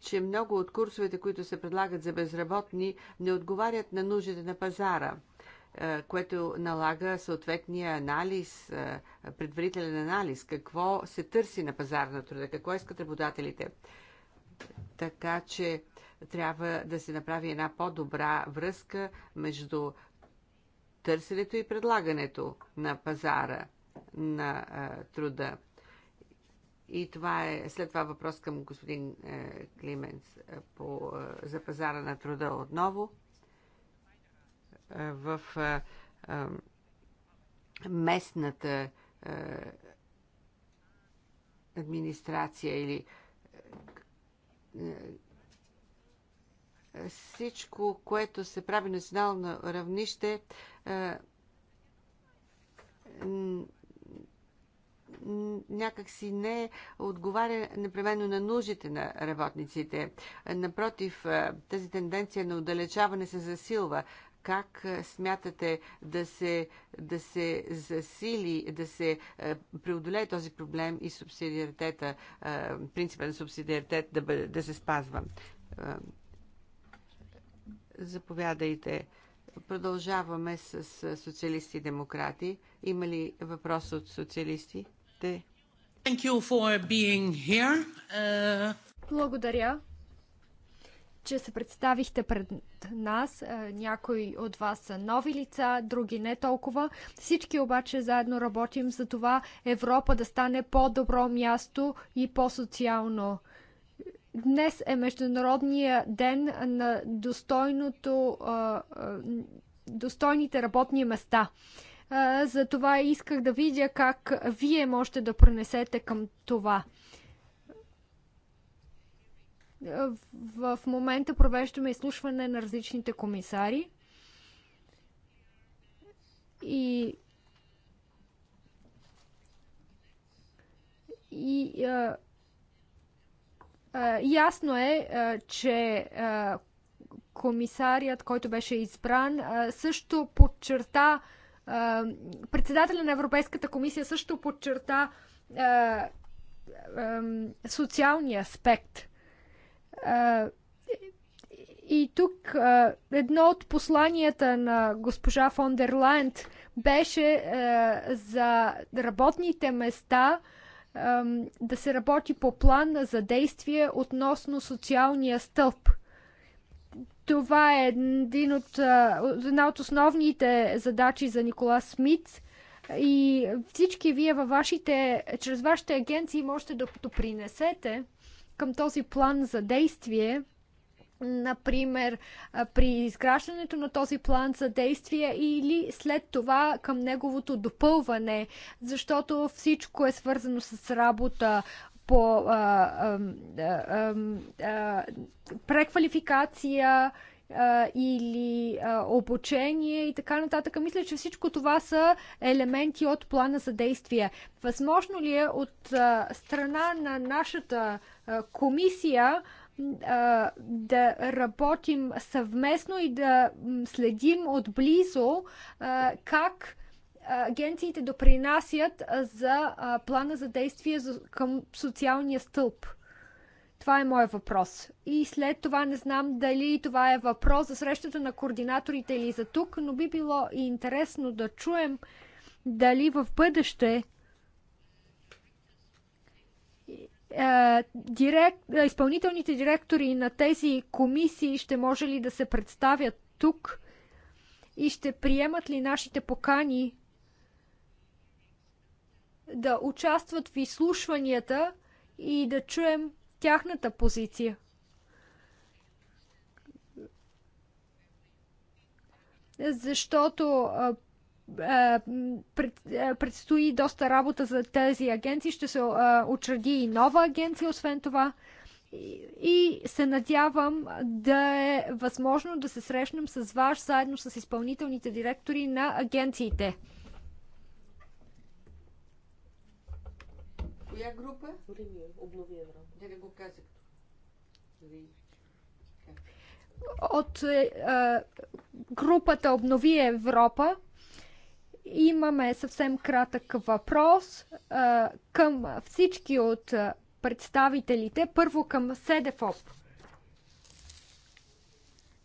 че много от курсовете, които се предлагат за безработни, не отговарят на нуждите на пазара, е, което налага съответния анализ, е, предварителен анализ, какво се търси на пазара на труда, какво искат работодателите. Така че трябва да се направи една по-добра връзка между търсенето и предлагането на пазара на е, труда. И това е след това въпрос към господин е, Клименс е, по, е, за пазара на труда отново. Е, в е, е, местната е, администрация или е, е, всичко, което се прави национално равнище, е, някакси не отговаря непременно на нуждите на работниците. Напротив, тази тенденция на отдалечаване се засилва как смятате да се, да се засили, да се преодолее този проблем и субсидиаритета, принципа на субсидиаритет да, бъде, да се спазва? Заповядайте. Продължаваме с социалисти и демократи. Има ли въпрос от социалисти? гостите. Thank you for being here. Uh... Благодаря, че се представихте пред нас. Е, някои от вас са нови лица, други не толкова. Всички обаче заедно работим за това Европа да стане по-добро място и по-социално. Днес е Международния ден на достойното, е, е, достойните работни места. Затова исках да видя как вие можете да пренесете към това. В момента провеждаме изслушване на различните комисари и и а, а, ясно е, а, че а, комисарият, който беше избран, а, също подчерта а, Председателя на Европейската комисия също подчерта социалния аспект. И тук едно от посланията на госпожа фон дер Лайнт беше за работните места да се работи по план за действие относно социалния стълб – това е един от, една от основните задачи за Николас Смит и всички вие във вашите, чрез вашите агенции можете да допринесете към този план за действие, например, при изграждането на този план за действие или след това към неговото допълване, защото всичко е свързано с работа по а, а, а, преквалификация или обучение и така нататък. Мисля, че всичко това са елементи от плана за действие. Възможно ли е от страна на нашата комисия да работим съвместно и да следим отблизо как агенциите допринасят за плана за действие към социалния стълб? Това е моят въпрос. И след това не знам дали това е въпрос за срещата на координаторите или за тук, но би било и интересно да чуем дали в бъдеще е, директ, е, изпълнителните директори на тези комисии ще може ли да се представят тук и ще приемат ли нашите покани да участват в изслушванията и да чуем тяхната позиция. Защото а, а, пред, а, предстои доста работа за тези агенции. Ще се учреди и нова агенция, освен това. И, и се надявам да е възможно да се срещнем с вас заедно с изпълнителните директори на агенциите. коя група? Рими, е обнови Европа. Да не го казах. От е, групата Обнови Европа имаме съвсем кратък въпрос е, към всички от представителите. Първо към СЕДЕФОП.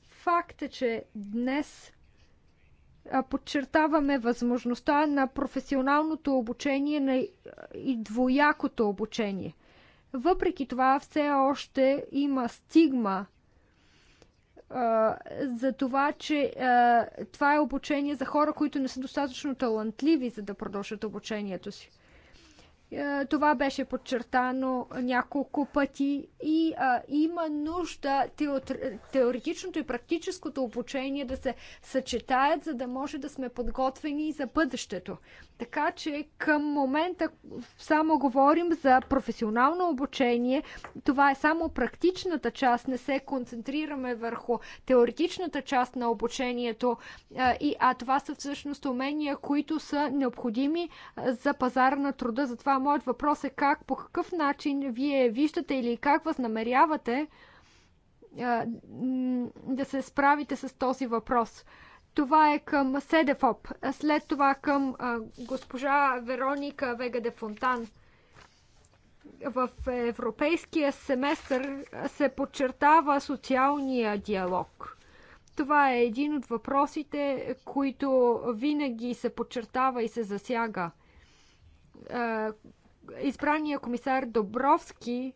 Факт е, че днес подчертаваме възможността на професионалното обучение на и двоякото обучение. Въпреки това, все още има стигма а, за това, че а, това е обучение за хора, които не са достатъчно талантливи, за да продължат обучението си. Е, това беше подчертано няколко пъти и а, има нужда теоретичното и практическото обучение да се съчетаят, за да може да сме подготвени за бъдещето. Така че към момента само говорим за професионално обучение. Това е само практичната част. Не се концентрираме върху теоретичната част на обучението. А, и, а това са всъщност умения, които са необходими за пазара на труда. Затова моят въпрос е как, по какъв начин вие виждате или как възнамерявате да се справите с този въпрос. Това е към Седефоп, след това към госпожа Вероника Вега де Фонтан. В европейския семестър се подчертава социалния диалог. Това е един от въпросите, които винаги се подчертава и се засяга – избрания комисар Добровски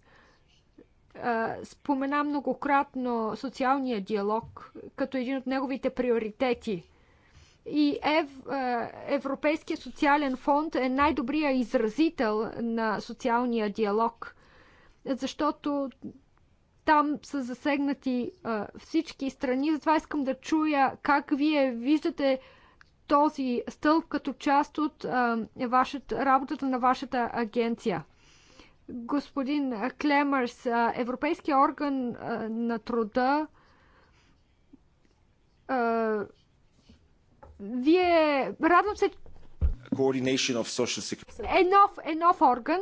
спомена многократно социалния диалог като един от неговите приоритети. И Ев, Европейския социален фонд е най-добрият изразител на социалния диалог, защото там са засегнати всички страни. Затова искам да чуя как вие виждате този стълб като част от а, вашата, работата на вашата агенция. Господин Клемърс, Европейския орган а, на труда а, вие, радвам се, е нов, е нов орган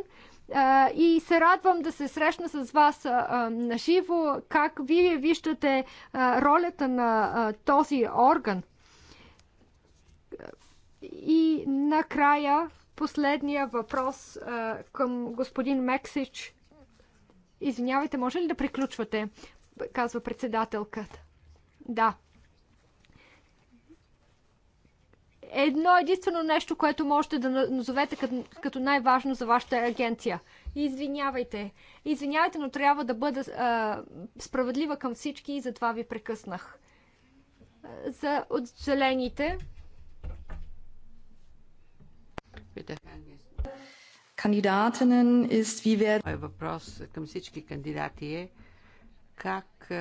и се радвам да се срещна с вас на наживо. Как вие виждате ролята на този орган? И накрая последния въпрос а, към господин Мексич. Извинявайте, може ли да приключвате? Казва председателката. Да. Едно единствено нещо, което можете да назовете като, най-важно за вашата агенция. Извинявайте. Извинявайте, но трябва да бъда а, справедлива към всички и затова ви прекъснах. За от Bitte. Кандидатинен ist wie Мой въпрос към всички кандидати е как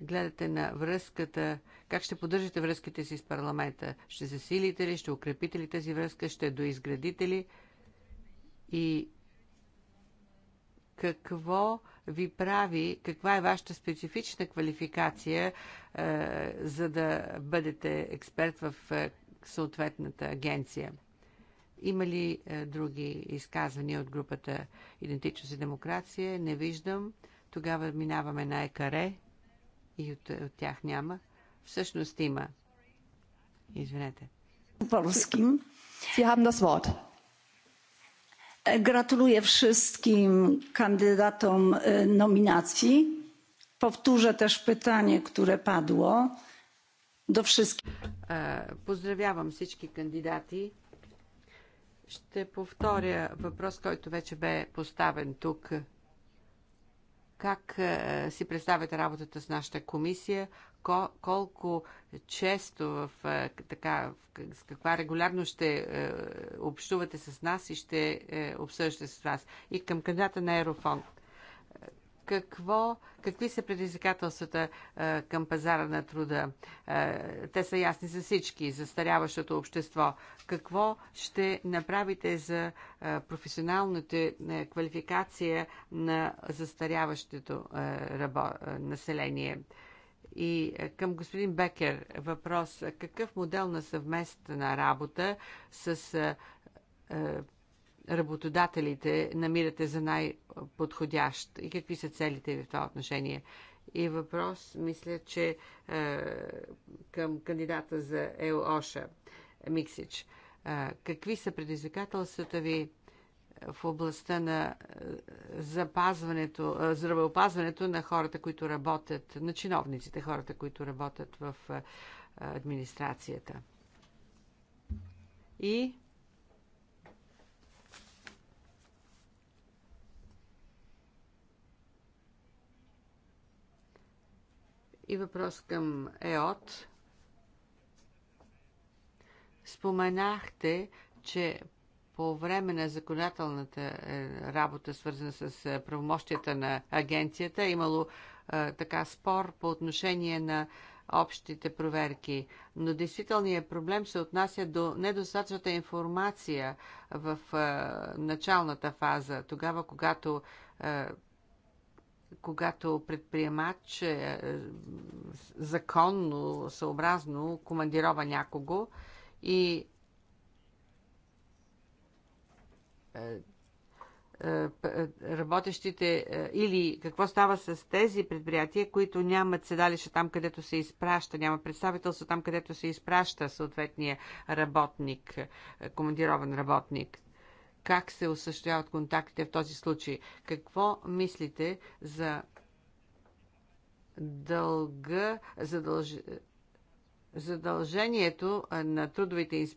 гледате на връзката, как ще поддържате връзките си с парламента? Ще засилите ли, ще укрепите ли тази връзка, ще доизградите ли? И какво ви прави, каква е вашата специфична квалификация, е, за да бъдете експерт в е, съответната агенция? Има ли е, други изказвания от групата Идентичност и демокрация? Не виждам. Тогава минаваме на екаре и от, от тях няма. Всъщност има. Извинете. Полски. Сиам да свод. Gratuluję wszystkim kandydatom e, nominacji. Powtórzę też pytanie, które padło do wszystkich. E, pozdrawiam ще повторя въпрос, който вече бе поставен тук. Как е, си представяте работата с нашата комисия? колко често, в, е, така, с каква регулярно ще е, общувате с нас и ще обсъждате с вас И към кандидата на Аерофонд какво, какви са предизвикателствата към пазара на труда? те са ясни за всички, за старяващото общество. Какво ще направите за професионалната квалификация на застаряващото рабо, население? И към господин Бекер въпрос. Какъв модел на съвместна работа с работодателите намирате за най- подходящ и какви са целите ви в това отношение? И въпрос, мисля, че е, към кандидата за ЕОШа Миксич. Е, какви са предизвикателствата ви е, в областта на запазването, здравеопазването на хората, които работят, на чиновниците, хората, които работят в администрацията? И И въпрос към ЕОТ. Споменахте, че по време на законодателната е, работа, свързана с е, правомощията на агенцията, е имало е, така спор по отношение на общите проверки. Но действителният проблем се отнася до недостатъчната информация в е, началната фаза, тогава когато е, когато предприемач е, е, законно, съобразно командирова някого и е, работещите или какво става с тези предприятия, които нямат седалище там, където се изпраща, няма представителство там, където се изпраща съответния работник, командирован работник как се осъществяват контактите в този случай. Какво мислите за дълга, задълж... задължението на трудовите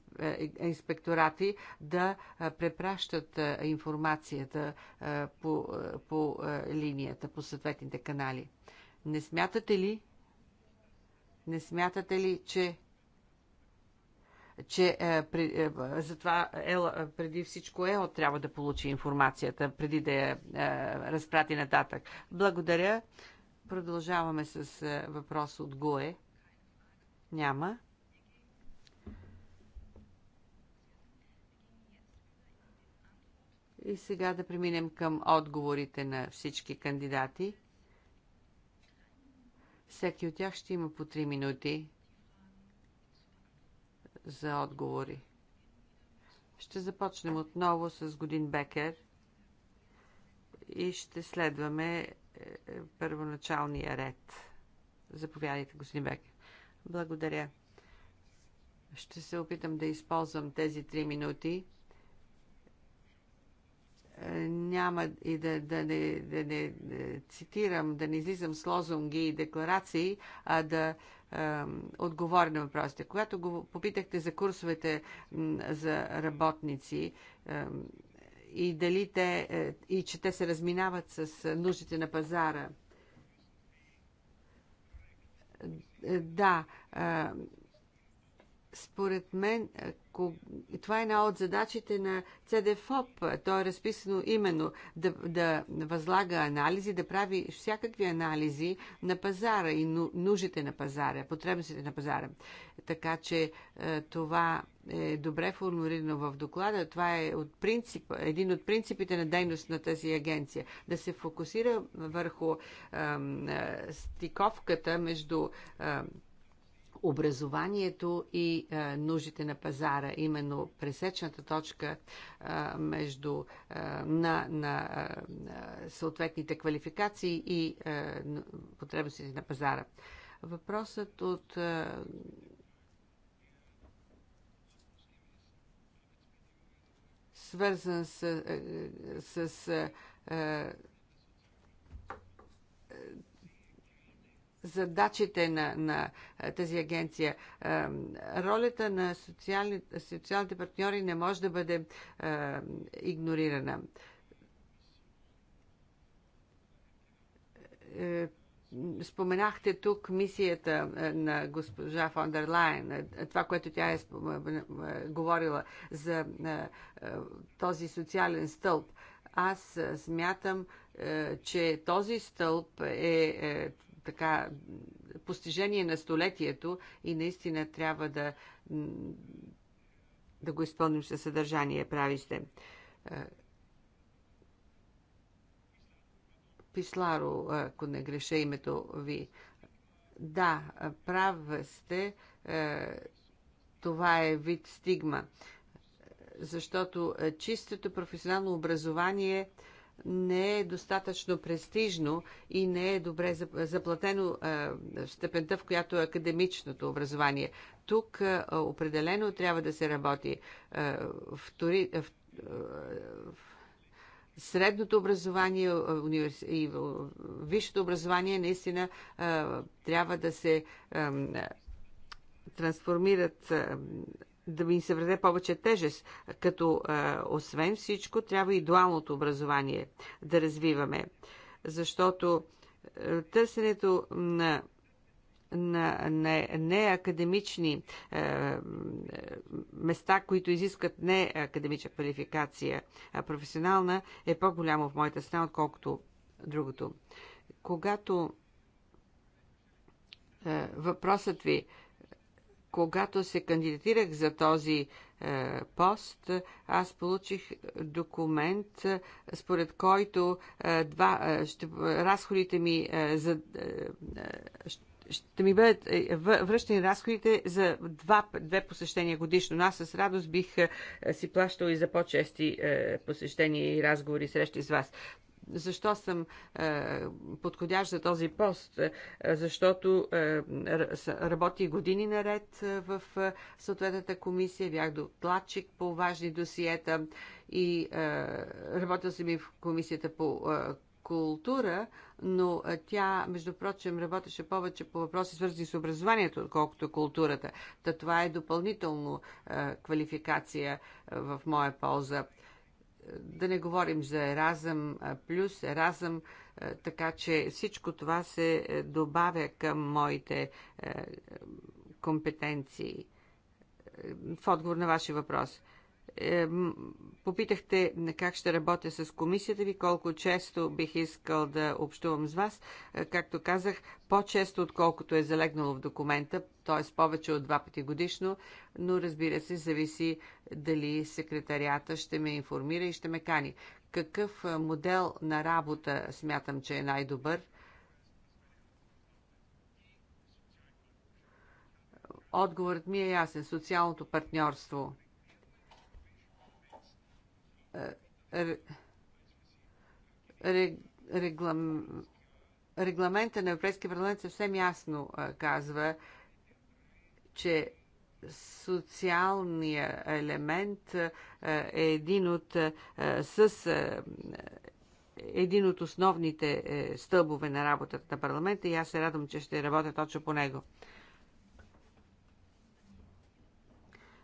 инспекторати да препращат информацията по, по линията, по съответните канали? Не смятате ли, не смятате ли, че че е, при, е, затова Ела, е, преди всичко ЕО трябва да получи информацията, преди да я е, разпрати нататък. Благодаря. Продължаваме с е, въпрос от ГОЕ. Няма. И сега да преминем към отговорите на всички кандидати. Всеки от тях ще има по 3 минути за отговори. Ще започнем отново с годин Бекер и ще следваме е, първоначалния ред. Заповядайте, господин Бекер. Благодаря. Ще се опитам да използвам тези три минути. Е, няма и да, да, не, да не е, цитирам, да не излизам с лозунги и декларации, а да отговори на въпросите. Когато го попитахте за курсовете за работници, и дали те, е, и че те се разминават с нуждите на пазара. Е, да, според мен е, това е една от задачите на ЦДФОП. То е разписано именно да, да възлага анализи, да прави всякакви анализи на пазара и нуждите на пазара, потребностите на пазара. Така че е, това е добре формулирано в доклада. Това е от принцип, един от принципите на дейност на тази агенция. Да се фокусира върху ем, е, стиковката между. Ем, образованието и е, нуждите на пазара. Именно пресечната точка е, между е, на, на съответните квалификации и потребностите на пазара. Въпросът от свързан с, с, с задачите на, на тази агенция. Ролята на социални, социалните партньори не може да бъде а, игнорирана. Е, споменахте тук мисията на госпожа фон дер Лайен, това, което тя е говорила за този социален стълб. Аз смятам, че този стълб е, е така постижение на столетието и наистина трябва да, да го изпълним със съдържание, прави сте. Е, Писларо, е, ако не греша името ви. Да, е, прав сте, това е вид стигма, защото чистото професионално образование е не е достатъчно престижно и не е добре заплатено в степента, в която е академичното образование. Тук определено трябва да се работи. В... средното образование и висшето образование наистина трябва да се трансформират да ми се вреде повече тежест, като е, освен всичко трябва и дуалното образование да развиваме. Защото е, търсенето на на неакадемични е, е, места, които изискат не академична квалификация, а професионална, е по-голямо в моята страна, отколкото другото. Когато е, въпросът ви е, когато се кандидатирах за този е, пост, аз получих документ, е, според който е, два, ще, разходите ми за ще ми бъдат връщани разходите за два, две посещения годишно. Но аз с радост бих си плащал и за по-чести посещения и разговори, срещи с вас. Защо съм е, подходящ за този пост? Е, защото е, работи години наред е, в е, съответната комисия, бях докладчик по важни досиета и е, работил съм и в комисията по е, култура, но тя, между прочим, работеше повече по въпроси, свързани с образованието, отколкото културата. Та това е допълнително е, квалификация в моя полза да не говорим за Еразъм плюс, Еразъм, така че всичко това се е, добавя към моите е, компетенции. Е, в отговор на вашия въпрос – Попитахте как ще работя с комисията ви, колко често бих искал да общувам с вас. Е, както казах, по-често отколкото е залегнало в документа, т.е. повече от два пъти годишно, но разбира се, зависи дали секретарията ще ме информира и ще ме кани. Какъв е, модел на работа смятам, че е най-добър? Отговорът ми е ясен. Социалното партньорство – е, е, реглам, регламента на Европейския парламент съвсем ясно е, казва, че социалният елемент е един от, с, един от основните стълбове на работата на парламента и аз се радвам, че ще работя точно по него.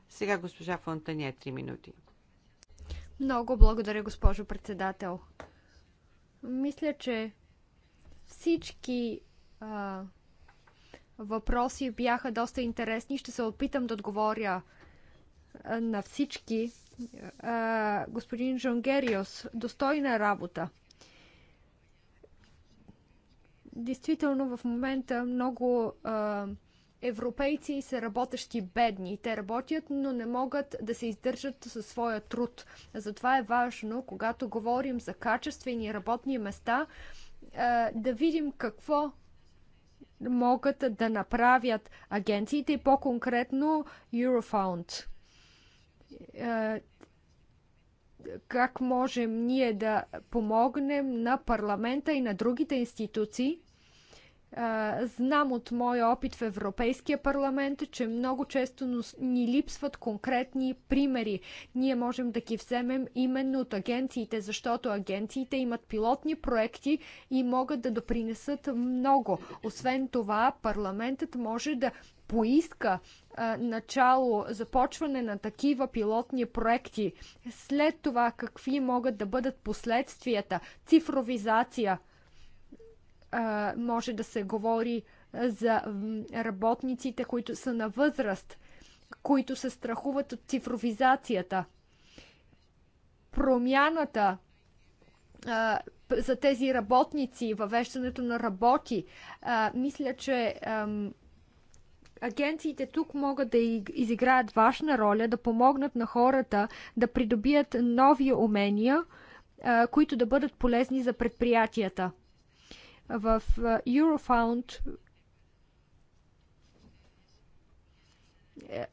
Сега госпожа Фонтания, 3 минути. Много благодаря, госпожо председател. Мисля, че всички а, въпроси бяха доста интересни. Ще се опитам да отговоря а, на всички. А, господин Жонгериос, достойна работа. Действително, в момента много. А, европейци са работещи бедни. Те работят, но не могат да се издържат със своя труд. Затова е важно, когато говорим за качествени работни места, да видим какво могат да направят агенциите и по-конкретно Eurofound. Как можем ние да помогнем на парламента и на другите институции Знам от моя опит в Европейския парламент, че много често ни липсват конкретни примери. Ние можем да ги вземем именно от агенциите, защото агенциите имат пилотни проекти и могат да допринесат много. Освен това, парламентът може да поиска а, начало започване на такива пилотни проекти. След това какви могат да бъдат последствията? Цифровизация – може да се говори за работниците, които са на възраст, които се страхуват от цифровизацията. Промяната за тези работници, въвеждането на работи, мисля, че агенциите тук могат да изиграят важна роля, да помогнат на хората да придобият нови умения, които да бъдат полезни за предприятията в е, Eurofound е,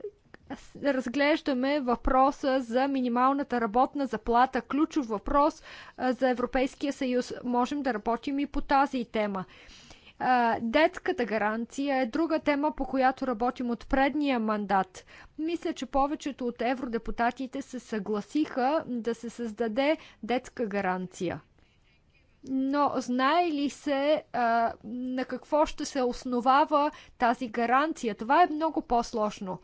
разглеждаме въпроса за минималната работна заплата, ключов въпрос е, за Европейския съюз. Можем да работим и по тази тема. Детската гаранция е друга тема, по която работим от предния мандат. Мисля, че повечето от евродепутатите се съгласиха да се създаде детска гаранция но знае ли се а, на какво ще се основава тази гаранция? Това е много по-сложно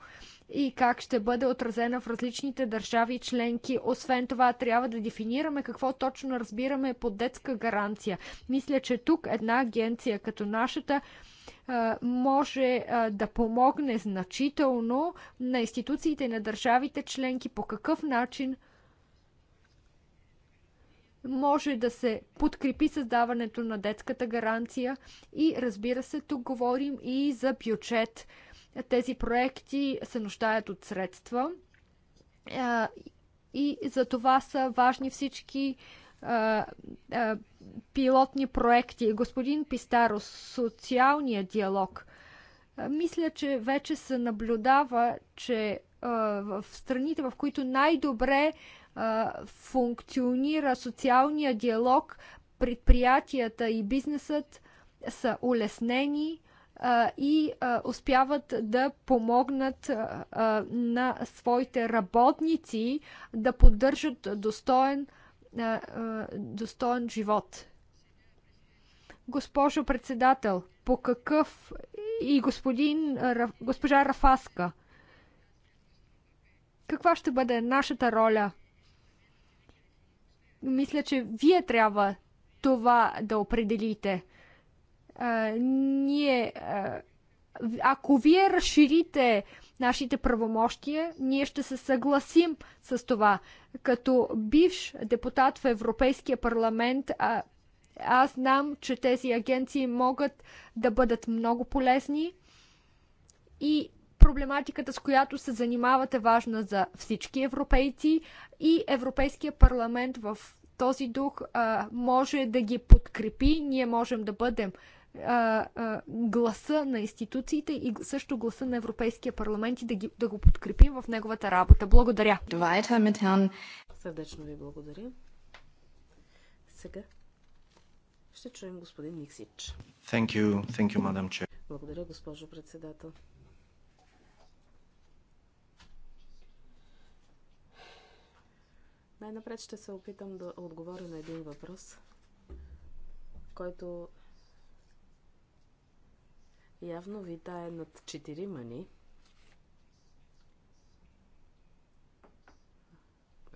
и как ще бъде отразена в различните държави членки. Освен това, трябва да дефинираме какво точно разбираме под детска гаранция. Мисля, че тук една агенция като нашата може да помогне значително на институциите на държавите членки по какъв начин може да се подкрепи създаването на детската гаранция и разбира се, тук говорим и за бюджет. Тези проекти се нуждаят от средства и за това са важни всички пилотни проекти. Господин Пистаро, социалния диалог. Мисля, че вече се наблюдава, че в страните, в които най-добре функционира социалния диалог, предприятията и бизнесът са улеснени и успяват да помогнат на своите работници да поддържат достоен, достоен живот. Госпожо председател, по какъв и господин, госпожа Рафаска, каква ще бъде нашата роля – мисля, че вие трябва това да определите. А, ние, а, ако вие разширите нашите правомощия, ние ще се съгласим с това. Като бивш депутат в Европейския парламент, а, аз знам, че тези агенции могат да бъдат много полезни и Проблематиката, с която се занимавате, е важна за всички европейци и Европейския парламент в този дух а, може да ги подкрепи. Ние можем да бъдем а, а, гласа на институциите и също гласа на Европейския парламент и да, ги, да го подкрепим в неговата работа. Благодаря. Сърдечно ви благодаря. Сега ще чуем господин Миксич. Thank you. Thank you, Madam Chair. Благодаря, госпожо председател. Най-напред ще се опитам да отговоря на един въпрос, който явно витае над четири мани.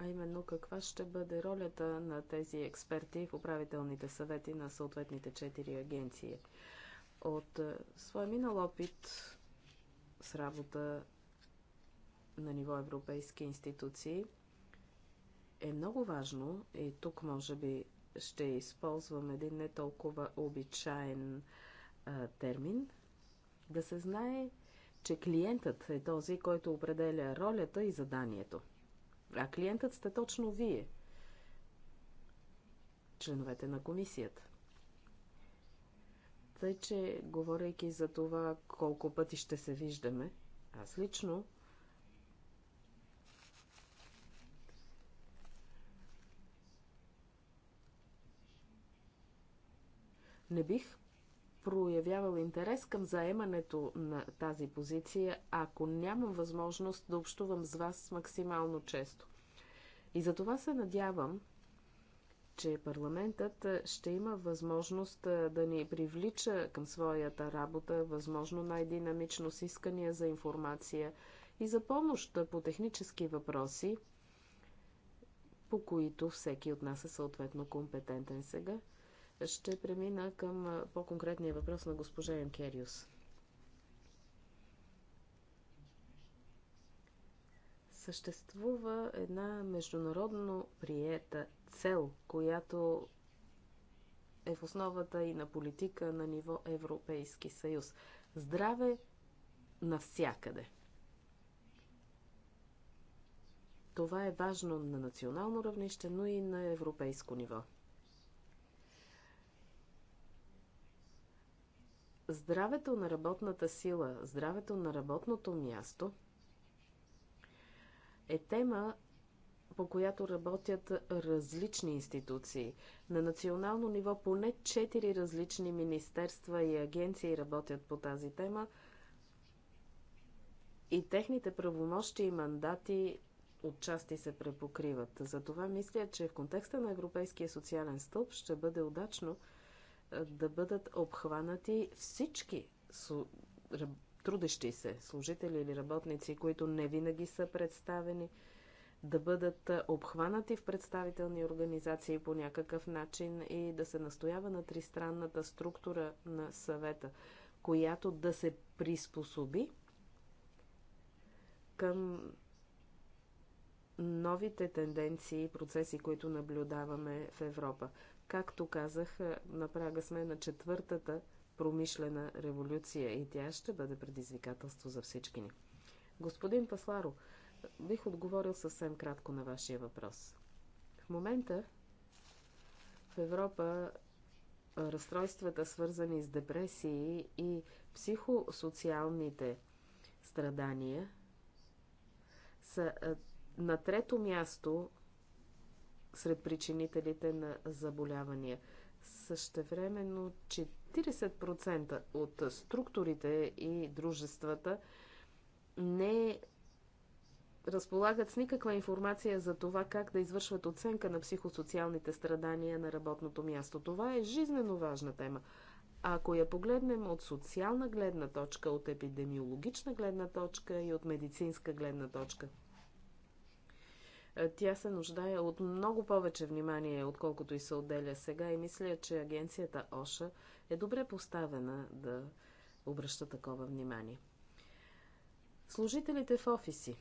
А именно каква ще бъде ролята на тези експерти в управителните съвети на съответните четири агенции. От е, своя минал опит с работа на ниво европейски институции – е много важно, и тук може би ще използвам един не толкова обичаен а, термин, да се знае, че клиентът е този, който определя ролята и заданието. А клиентът сте точно вие, членовете на комисията. Тъй, че говорейки за това колко пъти ще се виждаме, аз лично Не бих проявявал интерес към заемането на тази позиция, ако нямам възможност да общувам с вас максимално често. И за това се надявам, че парламентът ще има възможност да ни привлича към своята работа, възможно най-динамично с искания за информация и за помощ по технически въпроси, по които всеки от нас е съответно компетентен сега. Ще премина към по-конкретния въпрос на госпожа Янкериус. Съществува една международно приета цел, която е в основата и на политика на ниво Европейски съюз. Здраве навсякъде. Това е важно на национално равнище, но и на европейско ниво. здравето на работната сила, здравето на работното място е тема, по която работят различни институции. На национално ниво поне 4 различни министерства и агенции работят по тази тема и техните правомощи и мандати отчасти се препокриват. Затова мисля, че в контекста на Европейския социален стълб ще бъде удачно – да бъдат обхванати всички трудещи се служители или работници, които не винаги са представени, да бъдат обхванати в представителни организации по някакъв начин и да се настоява на тристранната структура на съвета, която да се приспособи към новите тенденции и процеси, които наблюдаваме в Европа. Както казах, е, на прага сме на четвъртата промишлена революция и тя ще бъде предизвикателство за всички ни. Господин Пасларо, бих отговорил съвсем кратко на вашия въпрос. В момента в Европа разстройствата, свързани с депресии и психосоциалните страдания, са на трето място сред причинителите на заболявания. Същевременно 40% от структурите и дружествата не разполагат с никаква информация за това как да извършват оценка на психосоциалните страдания на работното място. Това е жизнено важна тема. ако я погледнем от социална гледна точка, от епидемиологична гледна точка и от медицинска гледна точка – е, тя се нуждае от много повече внимание, отколкото и се отделя сега и мисля, че агенцията ОША е добре поставена да обръща такова внимание. Служителите в офиси.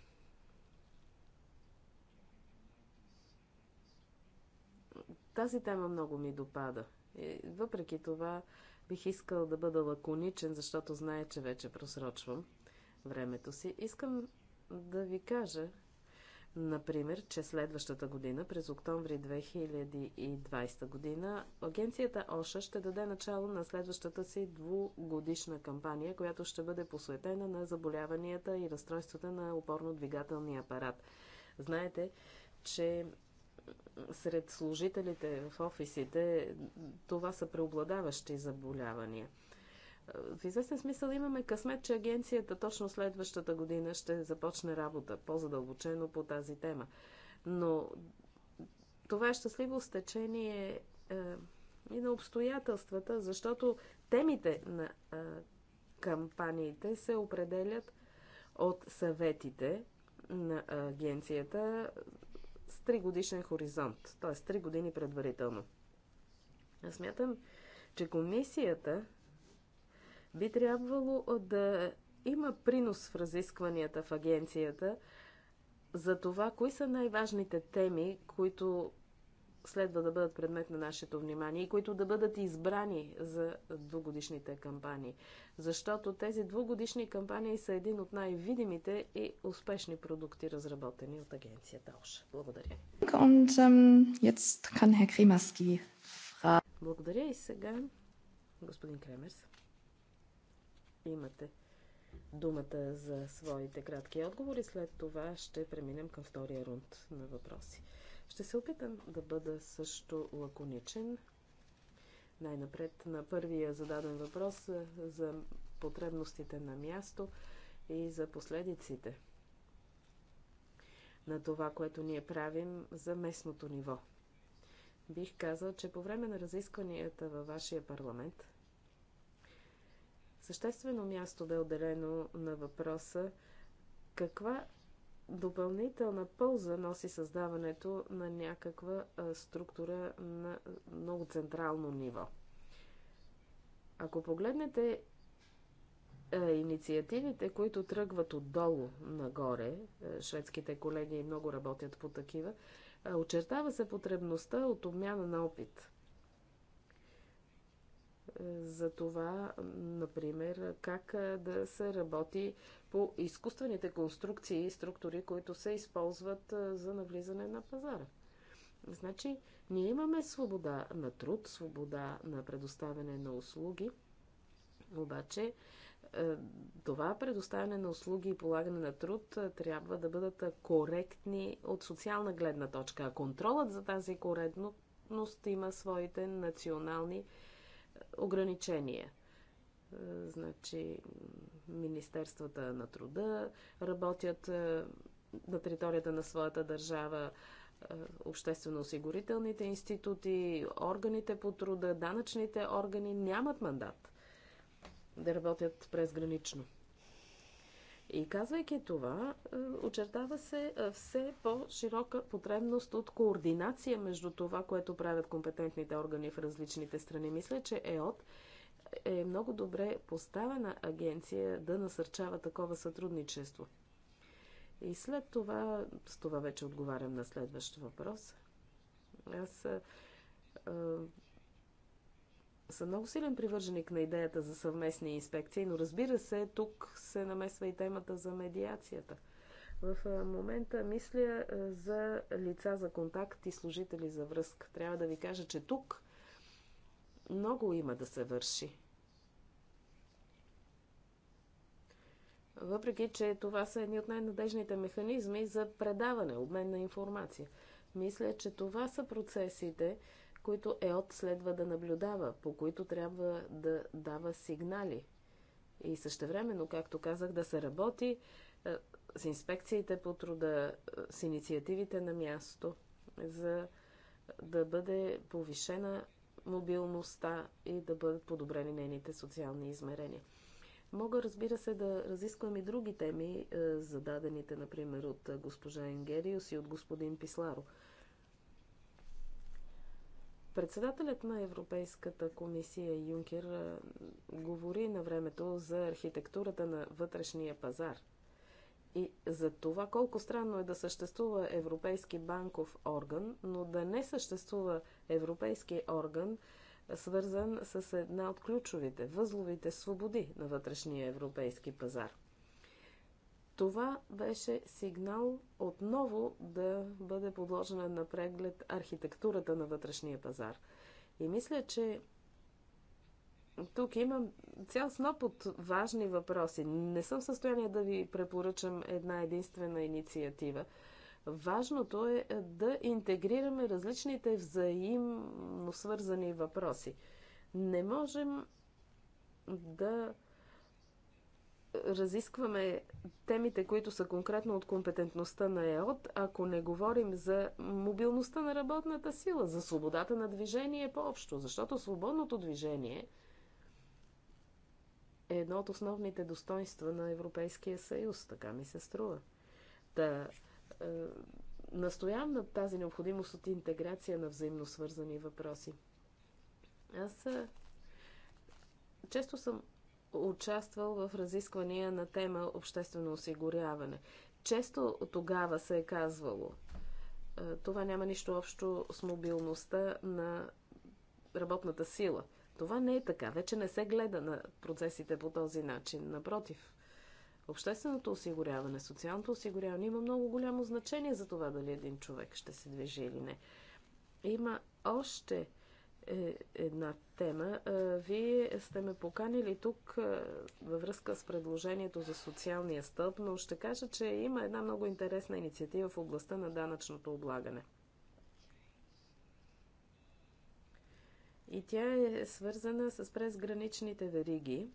Тази тема много ми допада. И въпреки това, бих искал да бъда лаконичен, защото знае, че вече просрочвам времето си. Искам да ви кажа, Например, че следващата година, през октомври 2020 година, агенцията ОША ще даде начало на следващата си двугодишна кампания, която ще бъде посветена на заболяванията и разстройствата на опорно-двигателния апарат. Знаете, че сред служителите в офисите това са преобладаващи заболявания – в известен смисъл имаме късмет, че агенцията точно следващата година ще започне работа по-задълбочено по тази тема. Но това е щастливо стечение е, и на обстоятелствата, защото темите на е, кампаниите се определят от съветите на агенцията с 3 годишен хоризонт, т.е. 3 години предварително. Аз смятам, че комисията би трябвало да има принос в разискванията в агенцията за това, кои са най-важните теми, които следва да бъдат предмет на нашето внимание и които да бъдат избрани за двугодишните кампании. Защото тези двугодишни кампании са един от най-видимите и успешни продукти, разработени от агенцията ОШ. Благодаря. Und, um, Благодаря и сега господин Кремерс. Имате думата за своите кратки отговори. След това ще преминем към втория рунд на въпроси. Ще се опитам да бъда също лаконичен. Най-напред на първия зададен въпрос е, за потребностите на място и за последиците на това, което ние правим за местното ниво. Бих казал, че по време на разискванията във вашия парламент Съществено място бе отделено на въпроса каква допълнителна полза носи създаването на някаква структура на много централно ниво. Ако погледнете инициативите, които тръгват отдолу нагоре, шведските колеги много работят по такива, очертава се потребността от обмяна на опит за това, например, как да се работи по изкуствените конструкции и структури, които се използват за навлизане на пазара. Значи, ние имаме свобода на труд, свобода на предоставяне на услуги, обаче това предоставяне на услуги и полагане на труд трябва да бъдат коректни от социална гледна точка. А контролът за тази коректност има своите национални ограничения. Е, значи, Министерствата на труда работят е, на територията на своята държава, е, обществено-осигурителните институти, органите по труда, данъчните органи нямат мандат да работят презгранично. И казвайки това, е, очертава се е, все по-широка потребност от координация между това, което правят компетентните органи в различните страни. Мисля, че ЕОТ е много добре поставена агенция да насърчава такова сътрудничество. И след това, с това вече отговарям на следващ въпрос. Аз е, съм много силен привърженик на идеята за съвместни инспекции, но разбира се, тук се намесва и темата за медиацията. В момента мисля за лица за контакт и служители за връзка. Трябва да ви кажа, че тук много има да се върши. Въпреки, че това са едни от най-надежните механизми за предаване, обмен на информация. Мисля, че това са процесите, които ЕОТ следва да наблюдава, по които трябва да дава сигнали. И същевременно, както казах, да се работи е, с инспекциите по труда, е, с инициативите на място, за да бъде повишена мобилността и да бъдат подобрени нейните социални измерения. Мога, разбира се, да разисквам и други теми, е, зададените, например, от госпожа Енгериус и от господин Писларо. Председателят на Европейската комисия Юнкер говори на времето за архитектурата на вътрешния пазар и за това колко странно е да съществува Европейски банков орган, но да не съществува Европейски орган, свързан с една от ключовите, възловите свободи на вътрешния европейски пазар – това беше сигнал отново да бъде подложена на преглед архитектурата на вътрешния пазар. И мисля, че тук имам цял сноп от важни въпроси. Не съм в състояние да ви препоръчам една единствена инициатива. Важното е да интегрираме различните взаимно свързани въпроси. Не можем да разискваме темите, които са конкретно от компетентността на ЕОД, ако не говорим за мобилността на работната сила, за свободата на движение по-общо, защото свободното движение е едно от основните достоинства на Европейския съюз, така ми се струва. Та, е, настоявам на тази необходимост от интеграция на взаимно свързани въпроси. Аз е, често съм участвал в разисквания на тема обществено осигуряване. Често тогава се е казвало, е, това няма нищо общо с мобилността на работната сила. Това не е така. Вече не се гледа на процесите по този начин. Напротив, общественото осигуряване, социалното осигуряване има много голямо значение за това дали един човек ще се движи или не. Има още е една тема. Е, вие сте ме поканили тук е, във връзка с предложението за социалния стълб, но ще кажа, че има една много интересна инициатива в областта на данъчното облагане. И тя е свързана с презграничните вериги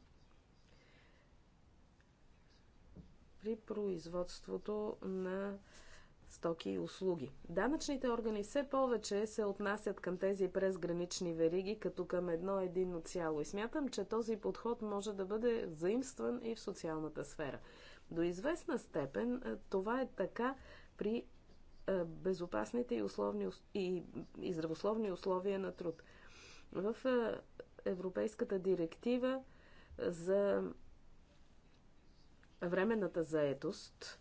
при производството на стоки и услуги. Данъчните органи все повече се отнасят към тези презгранични вериги като към едно единно цяло и смятам, че този подход може да бъде заимстван и в социалната сфера. До известна степен е, това е така при е, безопасните и, условни, и, и здравословни условия на труд. В е, Европейската директива за временната заетост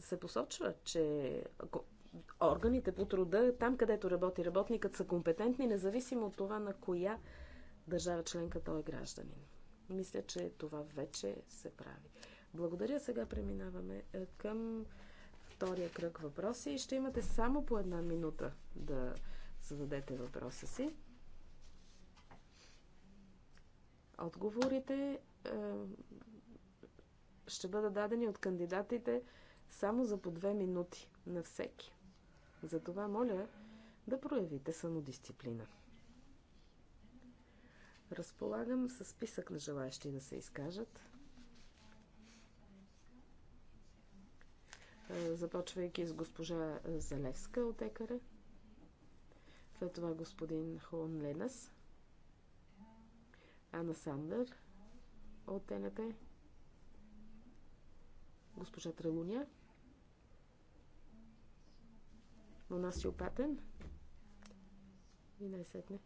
се посочва, че органите по труда, там където работи работникът, са компетентни, независимо от това на коя държава членка той е гражданин. Мисля, че това вече се прави. Благодаря. Сега преминаваме е, към втория кръг въпроси ще имате само по една минута да зададете въпроса си. Отговорите е, ще бъдат дадени от кандидатите само за по две минути на всеки. Затова моля да проявите самодисциплина. Разполагам със списък на желаящи да се изкажат. Е, започвайки с госпожа Залевска от Екаре, след това господин Хон Ленас, Ана Сандър от ТНП, госпожа Трелуня, Монасио Патен и най-сетне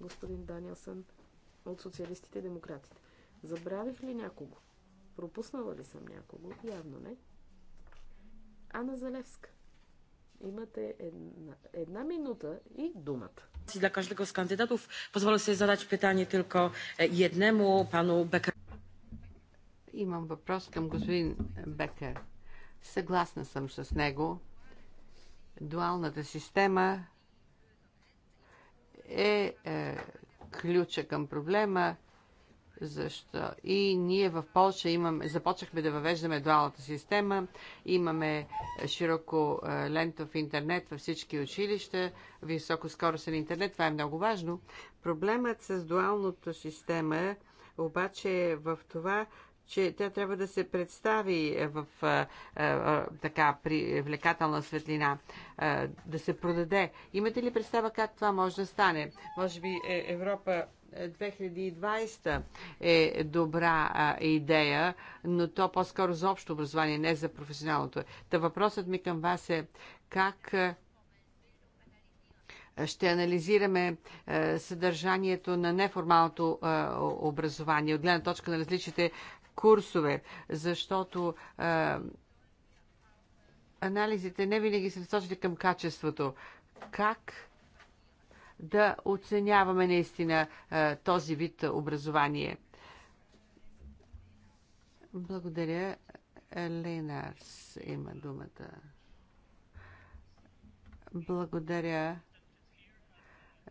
господин Данилсън от социалистите и демократите. Забравих ли някого? Пропуснала ли съм някого? Явно не. Ана Залевска. Имате една, една минута и думата. Dla każdego z kandydatów pozwolę sobie zadać pytanie tylko jednemu, panu Becker. Имам въпрос към господин Бекер. Съгласна съм с него. Дуалната система е, е ключа към проблема. Защо? И ние в Польша имаме, започнахме да въвеждаме дуалната система. Имаме широко е, лентов интернет във всички училища, високоскоростен интернет. Това е много важно. Проблемът с дуалната система обаче е в това, че тя трябва да се представи е, в а, е, а, е, така привлекателна светлина, а, да се продаде. Имате ли представа как това може да стане? Може би Европа 2020 е добра а, идея, но то по-скоро за общо образование, не за професионалното. Та въпросът ми към вас е как ще анализираме съдържанието на неформалното образование от гледна точка на различните курсове, защото а, анализите не винаги са насочени към качеството. Как да оценяваме наистина а, този вид образование? Благодаря. Ленарс има думата. Благодаря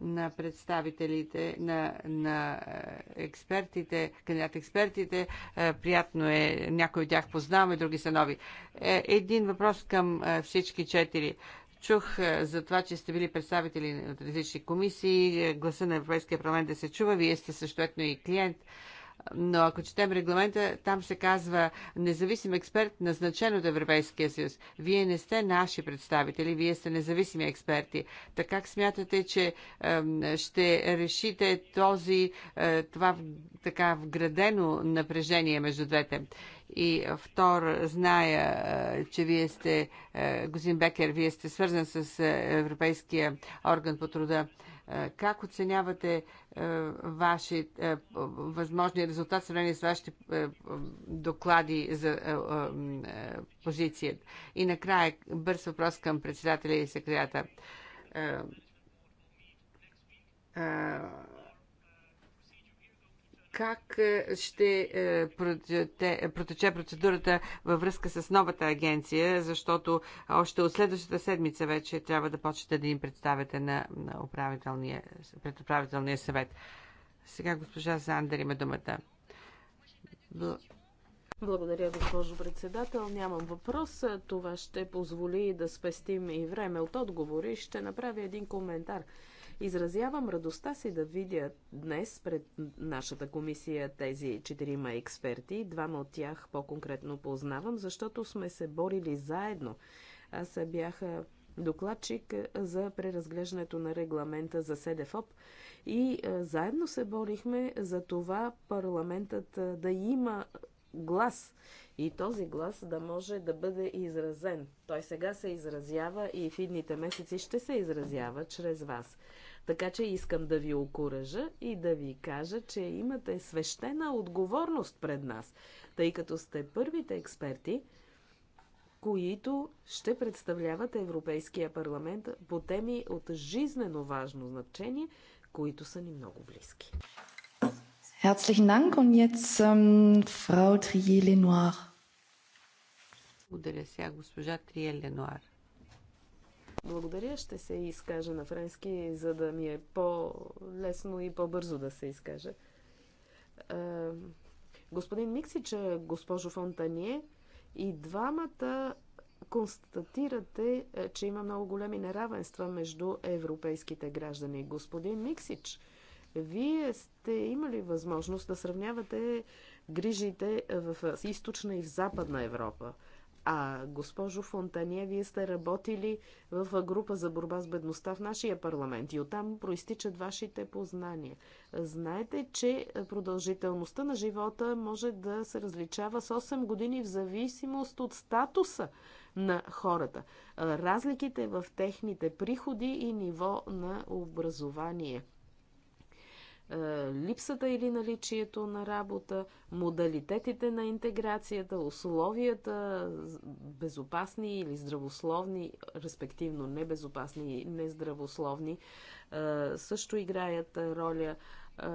на представителите, на, на е, експертите, кандидат-експертите. Е, приятно е, някои от тях познаваме, други са нови. Е, един въпрос към всички четири. Чух за това, че сте били представители от различни комисии, гласа на Европейския парламент да се чува, вие сте същоетно и клиент но ако четем регламента, там се казва независим експерт, назначен от Европейския съюз. Вие не сте наши представители, вие сте независими експерти. Така как смятате, че е, ще решите този, е, това така вградено напрежение между двете? И е, втор, зная, е, че вие сте, е, Гузин Бекер, вие сте свързан с е, Европейския орган по труда. Как оценявате е, ваши е, възможни резултати, в сравнение с вашите е, доклади за позицията? И накрая бърз въпрос към председателя и секретаря как е, ще е, протече процедурата във връзка с новата агенция, защото още от следващата седмица вече трябва да почнете да им представяте на, управителния, пред управителния съвет. Сега госпожа Сандер има думата. Благодаря, госпожо председател. Нямам въпрос. Това ще позволи да спестим и време от отговори. Ще направя един коментар. Изразявам радостта си да видя днес пред нашата комисия тези четирима експерти. Двама от тях по-конкретно познавам, защото сме се борили заедно. Аз бях докладчик е, за преразглеждането на регламента за СДФОП и е, заедно се борихме за това парламентът е, да има глас и този глас да може да бъде изразен. Той сега се изразява и в идните месеци ще се изразява чрез вас. Така че искам да ви окуража и да ви кажа, че имате свещена отговорност пред нас, тъй като сте първите експерти, които ще представляват Европейския парламент по теми от жизнено важно значение, които са ни много близки. Herzlichen Dank und jetzt ähm, Frau Trier-Lenoir. Благодаря сега госпожа Трие Ленуар. Благодаря, ще се изкажа на френски, за да ми е по-лесно и по-бързо да се изкажа. Господин Миксич, госпожо Фонтание, и двамата констатирате, е, че има много големи неравенства между европейските граждани. Господин Миксич, вие сте имали възможност да сравнявате грижите в източна и в западна Европа. А, госпожо Фонтания, вие сте работили в група за борба с бедността в нашия парламент и оттам проистичат вашите познания. Знаете, че продължителността на живота може да се различава с 8 години в зависимост от статуса на хората. Разликите в техните приходи и ниво на образование – е, липсата или наличието на работа, модалитетите на интеграцията, условията безопасни или здравословни, респективно небезопасни и нездравословни, е, също играят роля. Е,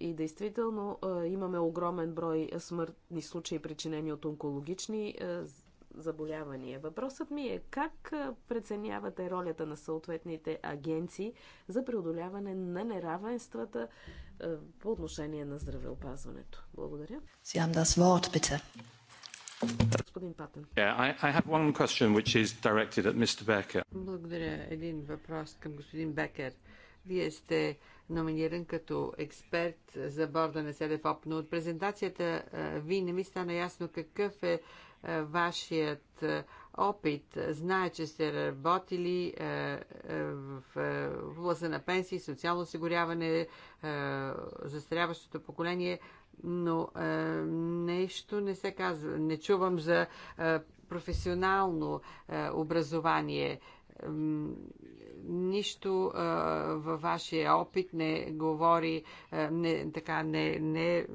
и действително имаме огромен брой смъртни случаи, причинени от онкологични заболявания. Въпросът ми е как преценявате ролята на съответните агенции за преодоляване на неравенствата по отношение на здравеопазването? Благодаря. Сям да Wort, bitte. Господин Патен. Yeah, Благодаря. Един въпрос към господин Бекер. Вие сте номиниран като експерт за борда на СДФОП, но от презентацията ви не ми стана ясно какъв е е, вашият е, опит. Знае, че сте работили е, в власа на пенсии, социално осигуряване, застаряващото поколение, но нещо не се казва. Не чувам за професионално образование нищо а, във вашия опит не говори а, не, така, не, не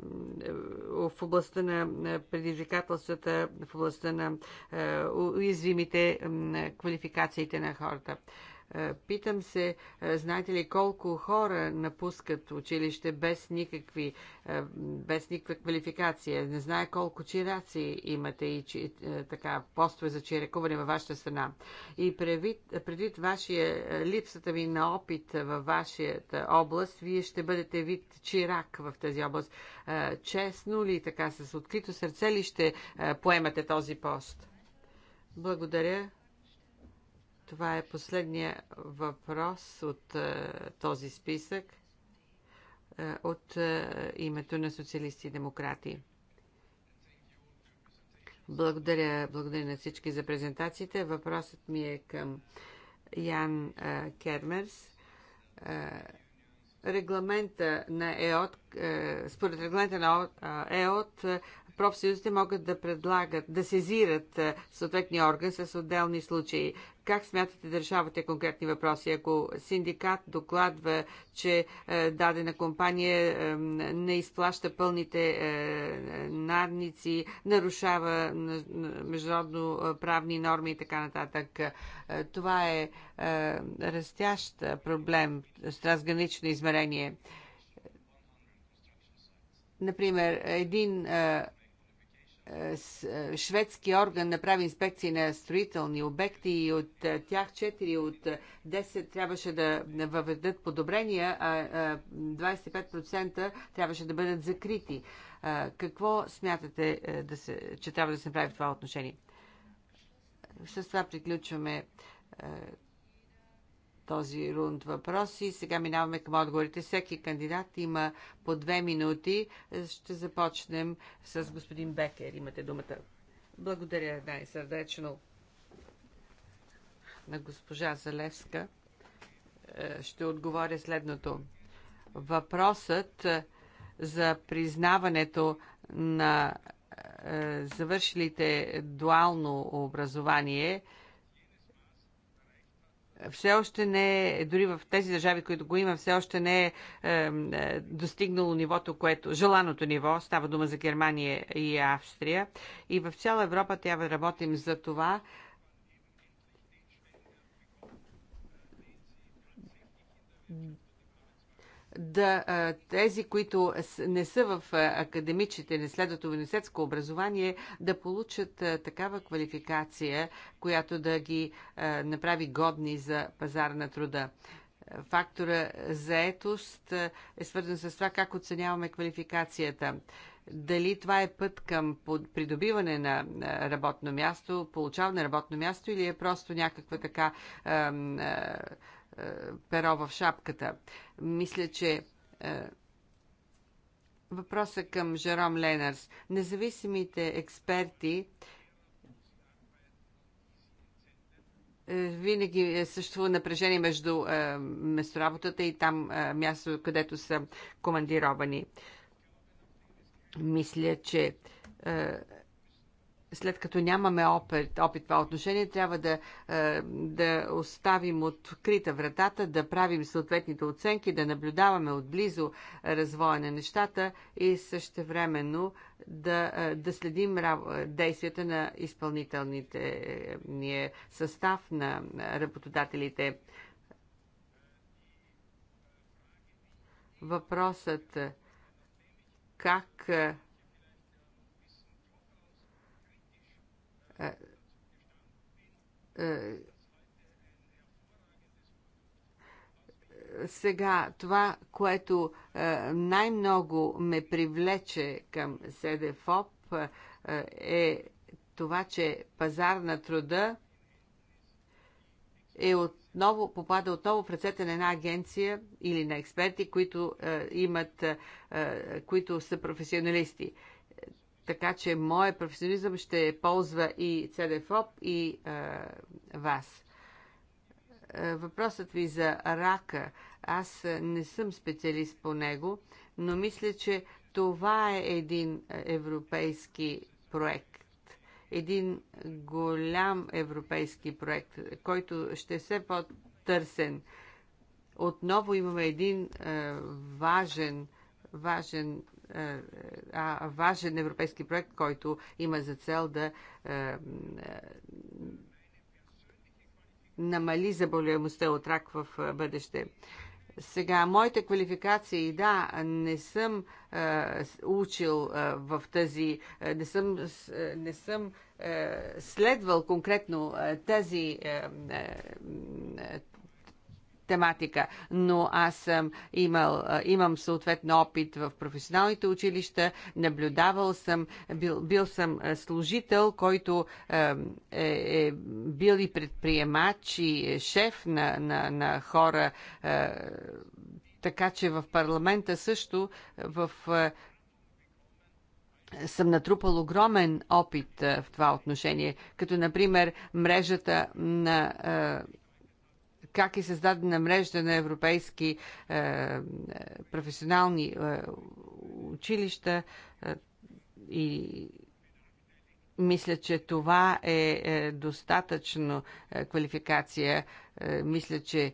в областта на предизвикателствата, в областта на а, уязвимите а, квалификациите на хората. Е, питам се, е, знаете ли колко хора напускат училище без, никакви, е, без никаква квалификация? Не знае колко чираци имате и че, така, постове за чирекуване във вашата страна. И предвид, предвид вашия, липсата ви на опит във вашата област, вие ще бъдете вид чирак в тази област. Честно ли, така с открито сърце ли ще поемате този пост? Благодаря. Това е последния въпрос от е, този списък е, от е, името на социалисти и демократи. Благодаря, благодаря на всички за презентациите. Въпросът ми е към Ян е, Кермерс. Е, регламента на ЕОТ, е, според регламента на е, ЕОТ, профсъюзите могат да предлагат, да сезират е, съответния орган с отделни случаи. Как смятате да решавате конкретни въпроси? Ако синдикат докладва, че е, дадена компания е, не изплаща пълните надници, нарушава международно правни норми и така нататък, това е растящ проблем с трансгранично измерение. Например, един е, шведски орган направи инспекции на строителни обекти и от е, тях 4 от 10 трябваше да въведат подобрения, а 25% трябваше да бъдат закрити. Какво смятате, е, да се, че трябва да се направи в това отношение? С това приключваме този рунд въпроси. Сега минаваме към отговорите. Всеки кандидат има по две минути. Ще започнем с господин Бекер. Имате думата. Благодаря най-сърдечно на госпожа Залевска. Е, ще отговоря следното. Въпросът е, за признаването на е, завършилите дуално образование – все още не е, дори в тези държави, които го има, все още не е, е, е, достигнало нивото, което, желаното ниво, става дума за Германия и Австрия. И в цяла Европа трябва да работим за това да тези, които не са в академичните, не следват университетско образование, да получат такава квалификация, която да ги направи годни за пазар на труда. Фактора заетост е свързан с това как оценяваме квалификацията дали това е път към придобиване на работно място, получаване на работно място или е просто някаква така перо в шапката. Мисля, че е, въпросът към Жером Ленърс. Независимите експерти е, винаги е също напрежение между е, местоработата и там място, където са командировани. Мисля, че след като нямаме опит, опит това отношение, трябва да, е, да оставим открита вратата, да правим съответните оценки, да наблюдаваме отблизо развоя на нещата и същевременно да, е, да следим действията на изпълнителните ние е, състав на работодателите. Въпросът как сега това, което е, най-много ме привлече към СДФОП е, е това, че пазар на труда е отново, попада отново в ръцете на една агенция или на експерти, които, е, имат, които са професионалисти. Така че моят професионализъм ще ползва и ЦДФОП, и а, е, вас. Е, въпросът ви за рака. Аз не съм специалист по него, но мисля, че това е един европейски проект. Един голям европейски проект, който ще е се по-търсен. Отново имаме един е, важен, важен е, важен европейски проект, който има за цел да е, намали заболеваемостта от рак в е, бъдеще. Сега, моите квалификации, да, не съм е, учил е, в тази, е, не съм, е, не съм е, следвал конкретно е, тази, е, тематика, но аз съм имал, имам съответно опит в професионалните училища, наблюдавал съм, бил, бил съм служител, който е, е бил и предприемач и е шеф на, на, на хора, е, така че в парламента също в е, съм натрупал огромен опит в това отношение, като например мрежата на как е създадена мрежа на европейски е, професионални е, училища е, и мисля, че това е, е достатъчно е, квалификация. Е, мисля, че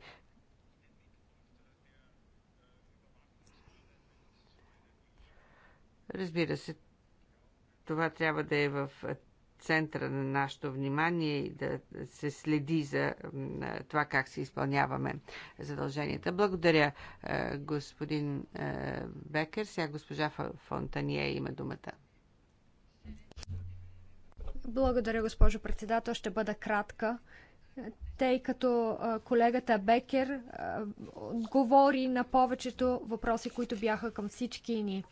разбира се, това трябва да е в центъра на нашето внимание и да се следи за това как се изпълняваме задълженията. Благодаря, господин Бекер. Сега госпожа Фонтания има думата. Благодаря, госпожо председател. Ще бъда кратка тъй като колегата Бекер говори на повечето въпроси, които бяха към всички ни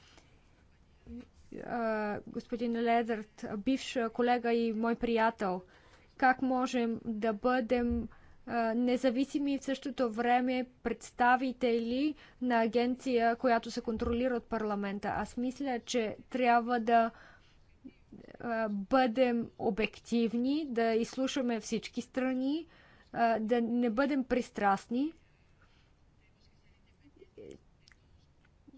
господин Ледърт, бивш колега и мой приятел. Как можем да бъдем независими в същото време представители на агенция, която се контролира от парламента. Аз мисля, че трябва да бъдем обективни, да изслушаме всички страни, да не бъдем пристрастни.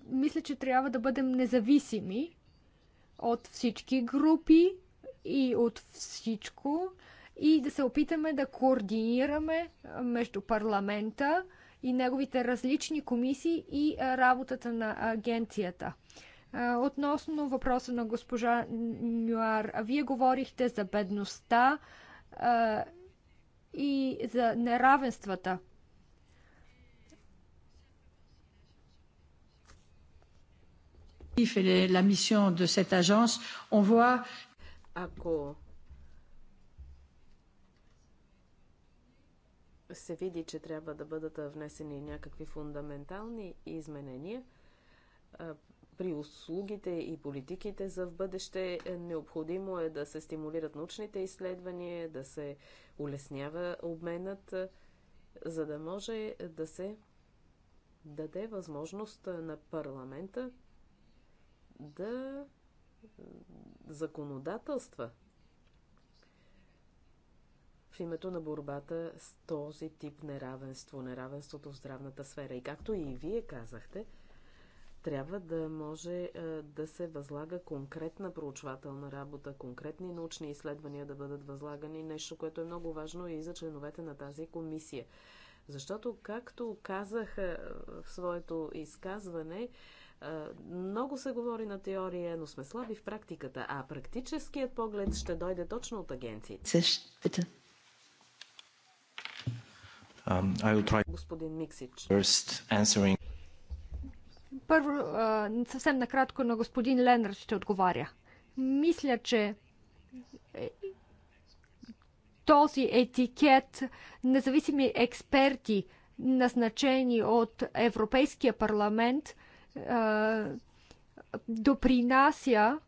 Мисля, че трябва да бъдем независими от всички групи и от всичко и да се опитаме да координираме между парламента и неговите различни комисии и работата на агенцията. Относно въпроса на госпожа Нюар, вие говорихте за бедността и за неравенствата. Ако се види, че трябва да бъдат внесени някакви фундаментални изменения, при услугите и политиките за в бъдеще е необходимо е да се стимулират научните изследвания, да се улеснява обменът, за да може да се даде възможност на парламента да законодателства в името на борбата с този тип неравенство, неравенството в здравната сфера. И както и вие казахте, трябва да може е, да се възлага конкретна проучвателна работа, конкретни научни изследвания да бъдат възлагани, нещо, което е много важно и за членовете на тази комисия. Защото, както казах е, в своето изказване, е, много се говори на теория, но сме слаби в практиката, а практическият поглед ще дойде точно от агенциите. Um, Господин Миксич. Първо, съвсем накратко на господин Ленър ще отговаря. Мисля, че е, този етикет независими експерти, назначени от Европейския парламент, допринася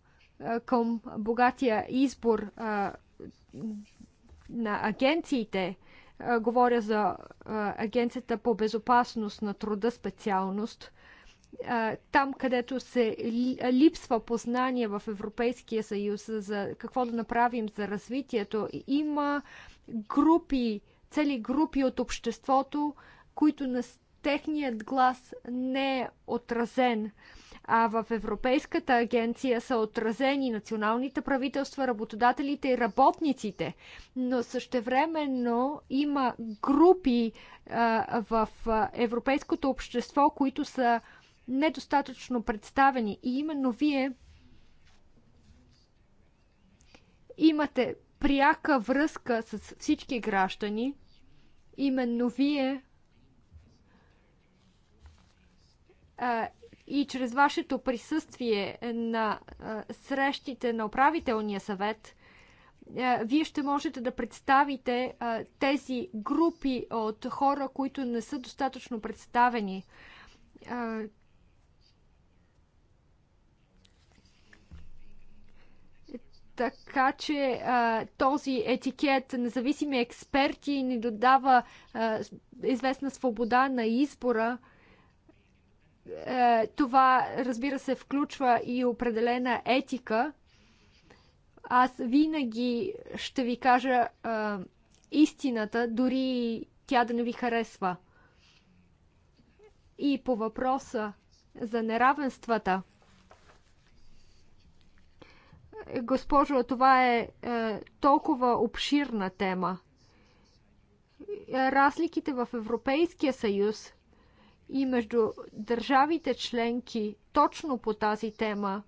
към богатия избор на агенциите. Говоря за Агенцията по безопасност на труда специалност. Там, където се липсва познание в Европейския съюз за какво да направим за развитието, има групи, цели групи от обществото, които техният глас не е отразен. А в Европейската агенция са отразени националните правителства, работодателите и работниците. Но същевременно има групи а, в европейското общество, които са недостатъчно представени. И именно вие имате пряка връзка с всички граждани. Именно вие и чрез вашето присъствие на срещите на управителния съвет, вие ще можете да представите тези групи от хора, които не са достатъчно представени. Така че а, този етикет независими експерти ни додава а, известна свобода на избора. А, е, това, разбира се, включва и определена етика. Аз винаги ще ви кажа а, е, истината, дори тя да не ви харесва. И по въпроса за неравенствата. Госпожо, това е, е толкова обширна тема. Е, разликите в Европейския съюз и между държавите членки точно по тази тема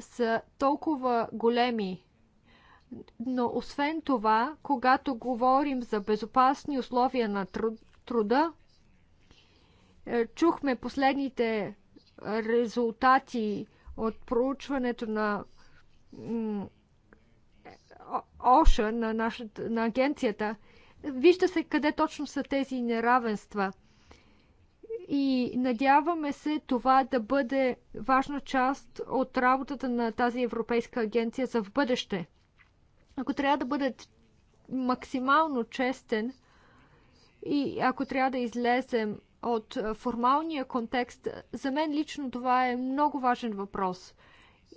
са толкова големи. Но освен това, когато говорим за безопасни условия на труда, е, чухме последните резултати от проучването на ОША, на, нашата, на агенцията. Вижда се къде точно са тези неравенства – и надяваме се това да бъде важна част от работата на тази Европейска агенция за в бъдеще. Ако трябва да бъде максимално честен и ако трябва да излезем от формалния контекст, за мен лично това е много важен въпрос.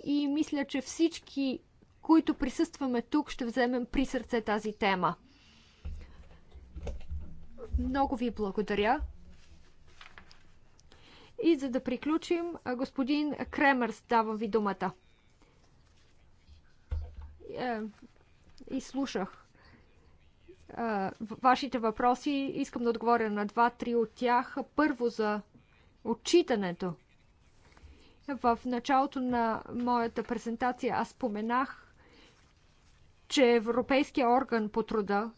И мисля, че всички, които присъстваме тук, ще вземем при сърце тази тема. Много ви благодаря. И за да приключим, господин Кремърс, давам ви думата. Е, и слушах вашите въпроси. Искам да отговоря на два-три от тях. Първо за отчитането. В началото на моята презентация аз споменах, че Европейския орган по труда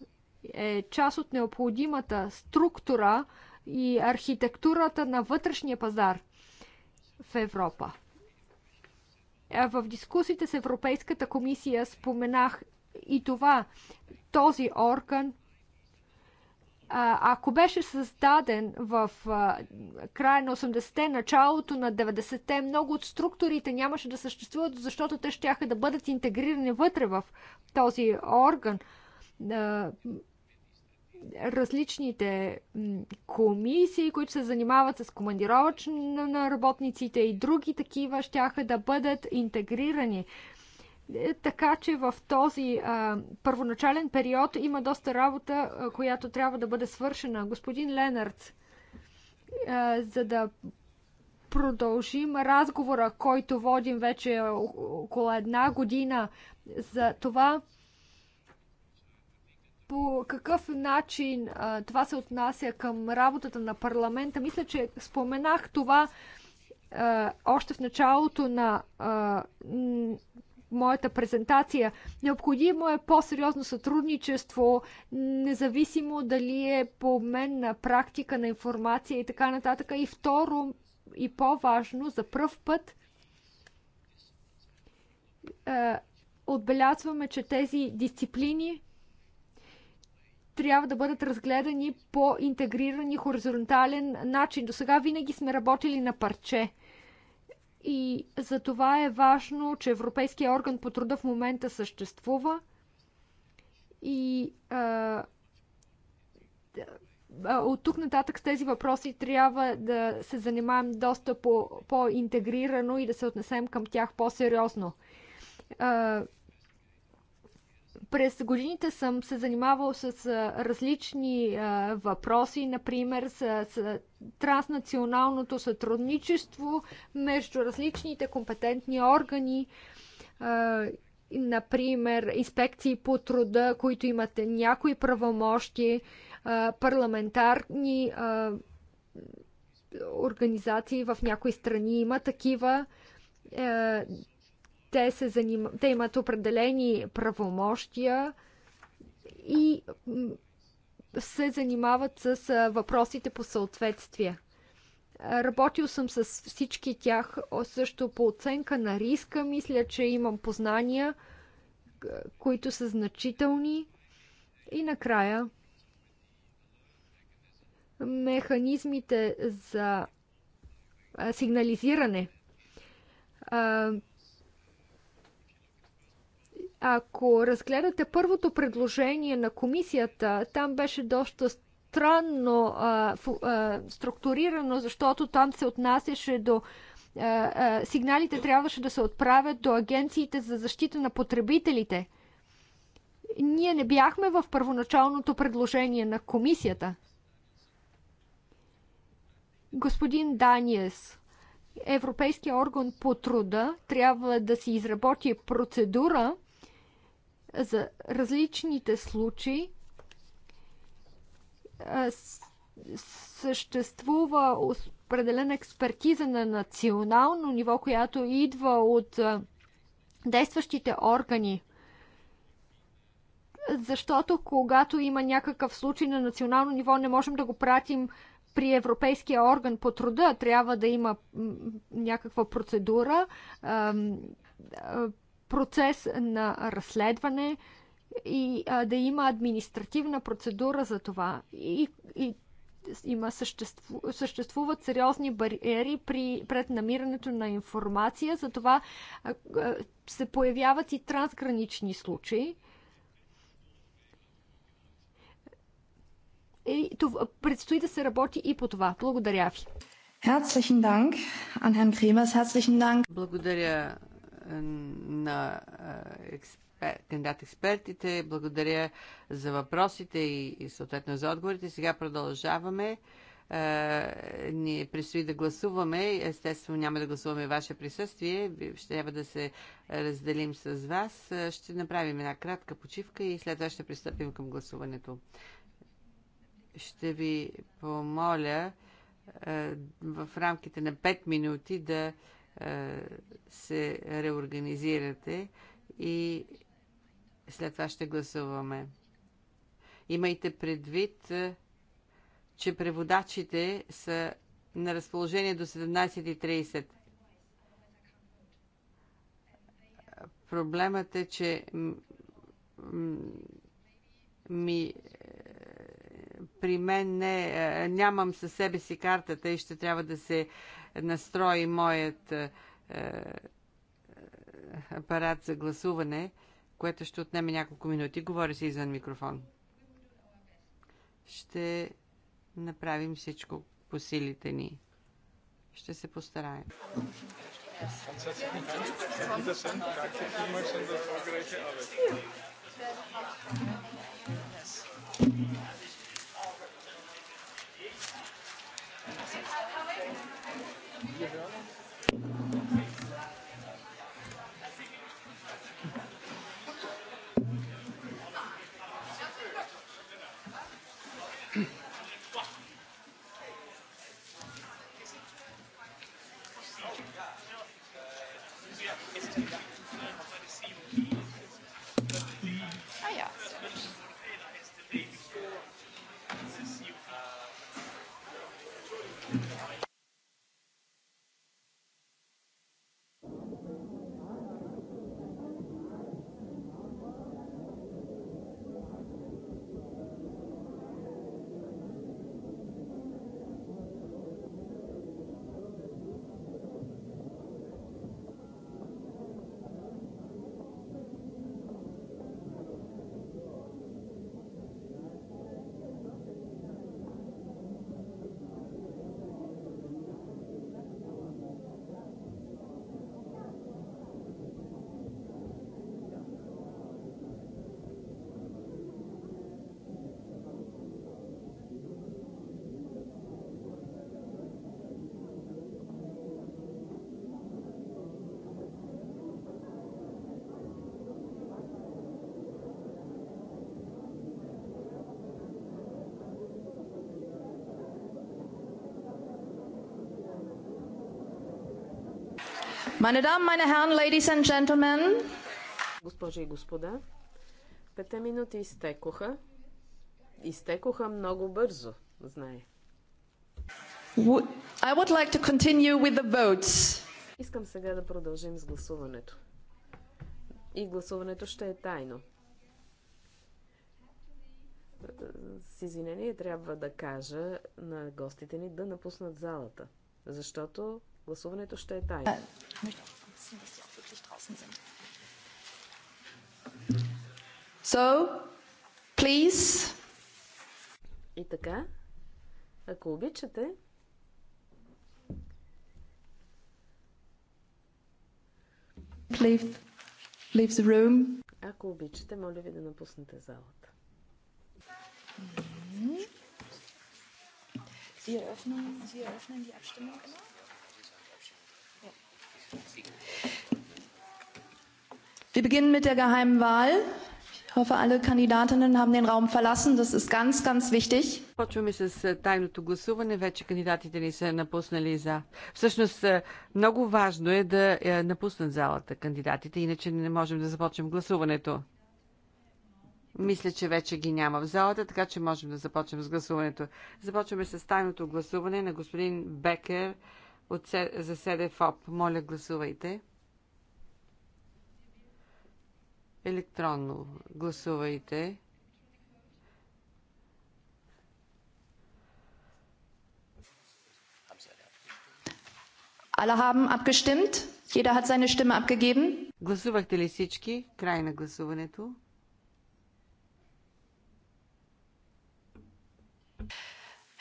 е част от необходимата структура, и архитектурата на вътрешния пазар в Европа. В дискусите с Европейската комисия споменах и това. Този орган ако беше създаден в края на 80-те, началото на 90-те, много от структурите нямаше да съществуват, защото те ще да бъдат интегрирани вътре в този орган различните комисии, които се занимават с командировъчна на работниците и други такива, щяха да бъдат интегрирани. Е, така че в този а, първоначален период има доста работа, а, която трябва да бъде свършена. Господин Ленард, а, за да продължим разговора, който водим вече около една година за това, по какъв начин а, това се отнася към работата на парламента. Мисля, че споменах това а, още в началото на а, моята презентация. Необходимо е по-сериозно сътрудничество, независимо дали е по обмен на практика, на информация и така нататък. И второ, и по-важно, за пръв път отбелязваме, че тези дисциплини трябва да бъдат разгледани по интегриран и хоризонтален начин. До сега винаги сме работили на парче. И за това е важно, че Европейския орган по труда в момента съществува и а, от тук нататък с тези въпроси трябва да се занимаем доста по, по-интегрирано и да се отнесем към тях по-сериозно. През годините съм се занимавал с различни въпроси, например с, с транснационалното сътрудничество между различните компетентни органи например, инспекции по труда, които имат някои правомощи, парламентарни организации в някои страни има такива. Те, се заним... Те имат определени правомощия и се занимават с въпросите по съответствие. Работил съм с всички тях, също по оценка на риска. Мисля, че имам познания, които са значителни. И накрая, механизмите за сигнализиране. Ако разгледате първото предложение на комисията, там беше доста странно а, фу, а, структурирано, защото там се отнасяше до а, а, сигналите трябваше да се отправят до агенциите за защита на потребителите. Ние не бяхме в първоначалното предложение на комисията. Господин Даниес, Европейския орган по труда трябва да си изработи процедура, за различните случаи съществува определена експертиза на национално ниво, която идва от действащите органи. Защото когато има някакъв случай на национално ниво, не можем да го пратим при Европейския орган по труда. Трябва да има някаква процедура процес на разследване и а, да има административна процедура за това. И, и има съществу, съществуват сериозни бариери при, пред намирането на информация, това а, а, се появяват и трансгранични случаи. И това, предстои да се работи и по това. Благодаря ви. Herzlichen Dank an Herrn Kremers. Herzlichen Dank. Благодаря на е, експер... кандидат-експертите. Благодаря за въпросите и, и съответно за отговорите. Сега продължаваме е, ни предстои да гласуваме. Естествено, няма да гласуваме ваше присъствие. Ще трябва да се разделим с вас. Е, ще направим една кратка почивка и след това ще пристъпим към гласуването. Ще ви помоля в рамките на 5 минути да се реорганизирате и след това ще гласуваме. Имайте предвид, че преводачите са на разположение до 17.30. Проблемът е, че ми при мен не, е, нямам със себе си картата и ще трябва да се настрои моят е, е, апарат за гласуване, което ще отнеме няколко минути. Говори се извън микрофон. Ще направим всичко по силите ни. Ще се постараем. Yes. Meine Damen, meine Herren, Ladies and Gentlemen. Госпожи и господа, пете минути изтекоха. Изтекоха много бързо, знае. I would like to continue with the votes. Искам сега да продължим с гласуването. И гласуването ще е тайно. С извинение трябва да кажа на гостите ни да напуснат залата, защото гласуването ще е тайно. Ich möchte auch wissen, dass sie auch wirklich draußen sind. So, please. И така, ако обичате, leave, leave the room. Ако обичате, моля ви да напуснете залата. Sie eröffnen, Sie eröffnen die Abstimmung immer? Wir beginnen mit der geheimen Wahl. Ich hoffe, alle Kandidatinnen haben den Raum verlassen. Das ist ganz, ganz wichtig. Почваме с е, тайното гласуване. Вече кандидатите ни са напуснали за. Всъщност, е, много важно е да е, напуснат залата кандидатите, иначе не можем да започнем гласуването. Мисля, че вече ги няма в залата, така че можем да започнем с гласуването. Започваме с тайното гласуване на господин Бекер от, за СДФОП. Моля, гласувайте. Електронно гласувайте. Alle haben abgestimmt. Jeder hat seine Stimme abgegeben. Гласувахте ли всички? Край на гласуването.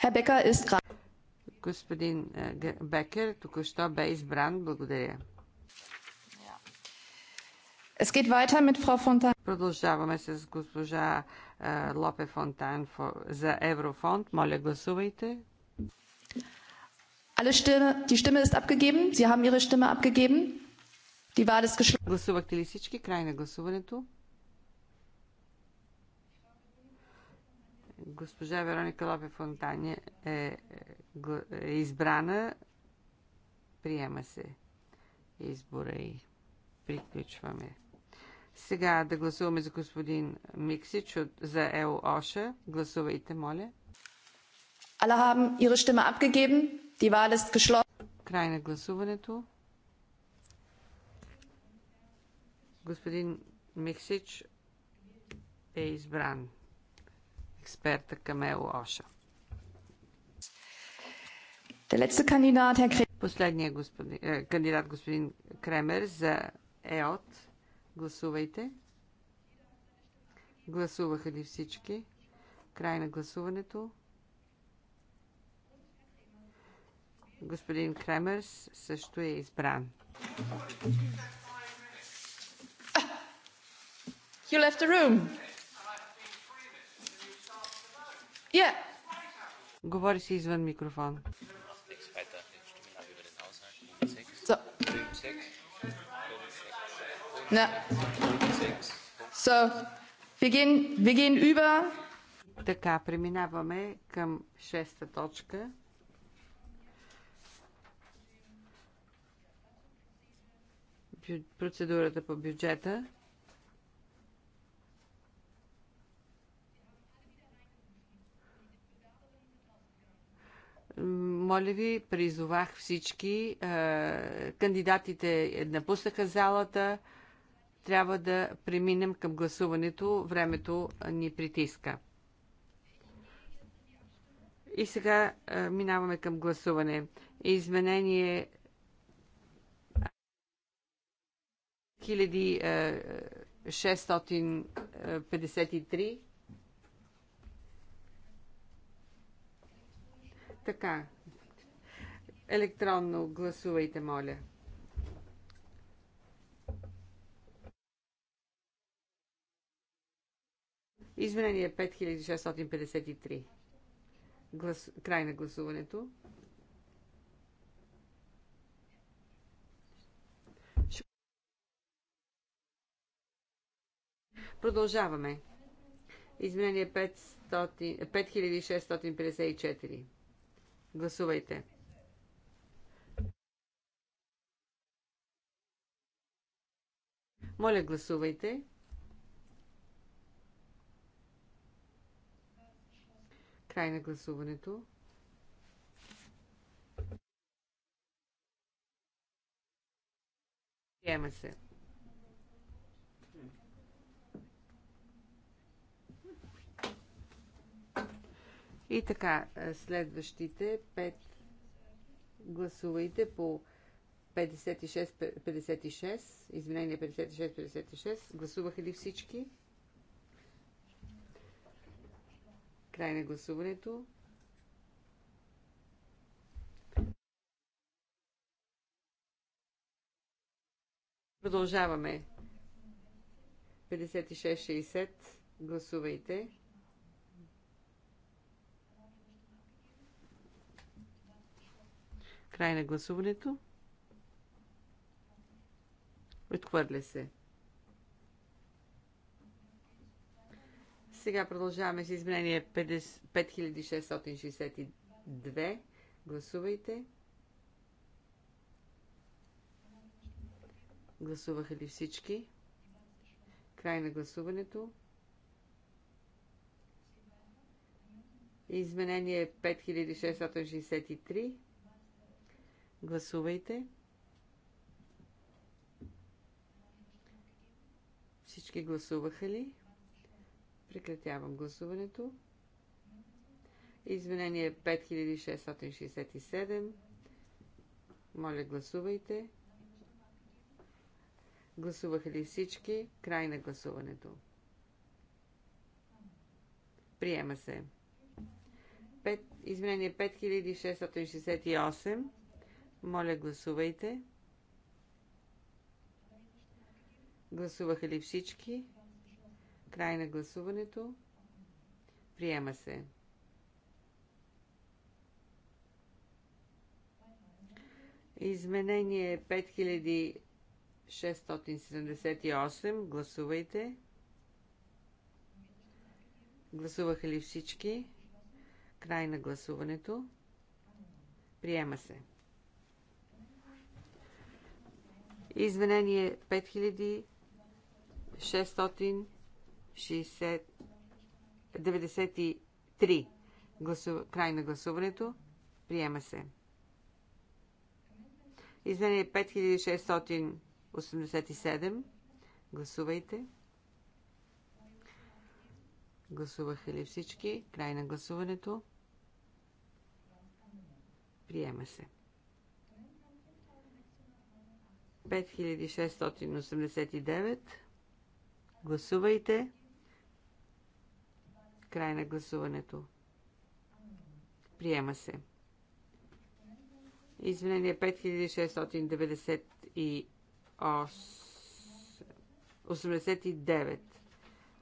Herr Becker ist gerade. Господин е, Бекер току-що бе избран. Благодаря. Продължаваме с госпожа е, Лопе Фонтан за Еврофонд. Моля, гласувайте. Alle Stimme, die Stimme ist abgegeben. Sie haben Ihre Stimme abgegeben. Die Wahl ist geschlossen. Гласувахте ли всички? Край на гласуването. Госпожа Вероника Лопе Фонтани е, е избрана. Приема се избора и приключваме. Сега да гласуваме за господин Миксич от, за Ел ОША. Гласувайте, моля. Alle haben ihre Stimme abgegeben. Die Wahl ist geschlossen. Край на гласуването. Господин Миксич е избран експерта Камело Оша. Последният е, кандидат господин Кремер за ЕОТ. Гласувайте. Гласуваха ли всички? Край на гласуването. Господин Кремерс също е избран. You left the room. Yeah. Говори се извън микрофон. So. Na. So, über. Така, преминаваме към шеста точка. Процедурата по бюджета. Моля ви, призовах всички. Кандидатите напуснаха залата. Трябва да преминем към гласуването. Времето ни притиска. И сега минаваме към гласуване. Изменение 1653. така. Електронно гласувайте, моля. Изменение 5653. Глас... Край на гласуването. Продължаваме. Изменение 500... 5654. Гласувайте. Моля, гласувайте. Край на гласуването. Приема се. И така, е, следващите пет гласувайте по 56-56, извинение 56-56. Гласуваха ли всички? Край на гласуването. Продължаваме. 56-60. Гласувайте. Край на гласуването. Отхвърля се. Сега продължаваме с изменение 5662. Гласувайте. Гласуваха ли всички? Край на гласуването. Изменение 5663. Гласувайте. Всички гласуваха ли? Прекратявам гласуването. Изменение 5667. Е Моля, гласувайте. Гласуваха ли всички? Край на гласуването. Приема се. 5, изменение 5668. Моля, гласувайте. Гласуваха ли всички? Край на гласуването. Приема се. Изменение 5678. Гласувайте. Гласуваха ли всички? Край на гласуването. Приема се. Изменение 5693. Гласу... Край на гласуването. Приема се. Извинение 5687. Гласувайте. Гласуваха ли всички? Край на гласуването. Приема се. 5689. Гласувайте. Край на гласуването. Приема се. Извинение 5689.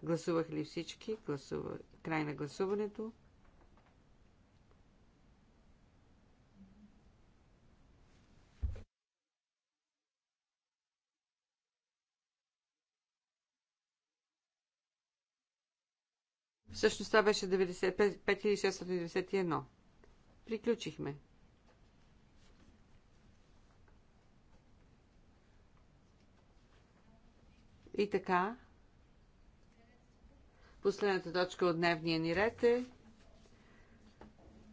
Гласувах ли всички? Гласува. Край на гласуването. Всъщност това беше 5691. Приключихме. И така, последната точка от дневния ни ред е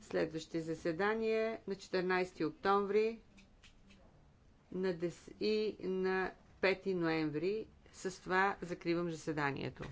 следващите заседание на 14 октомври на 10 и на 5 ноември. С това закривам заседанието.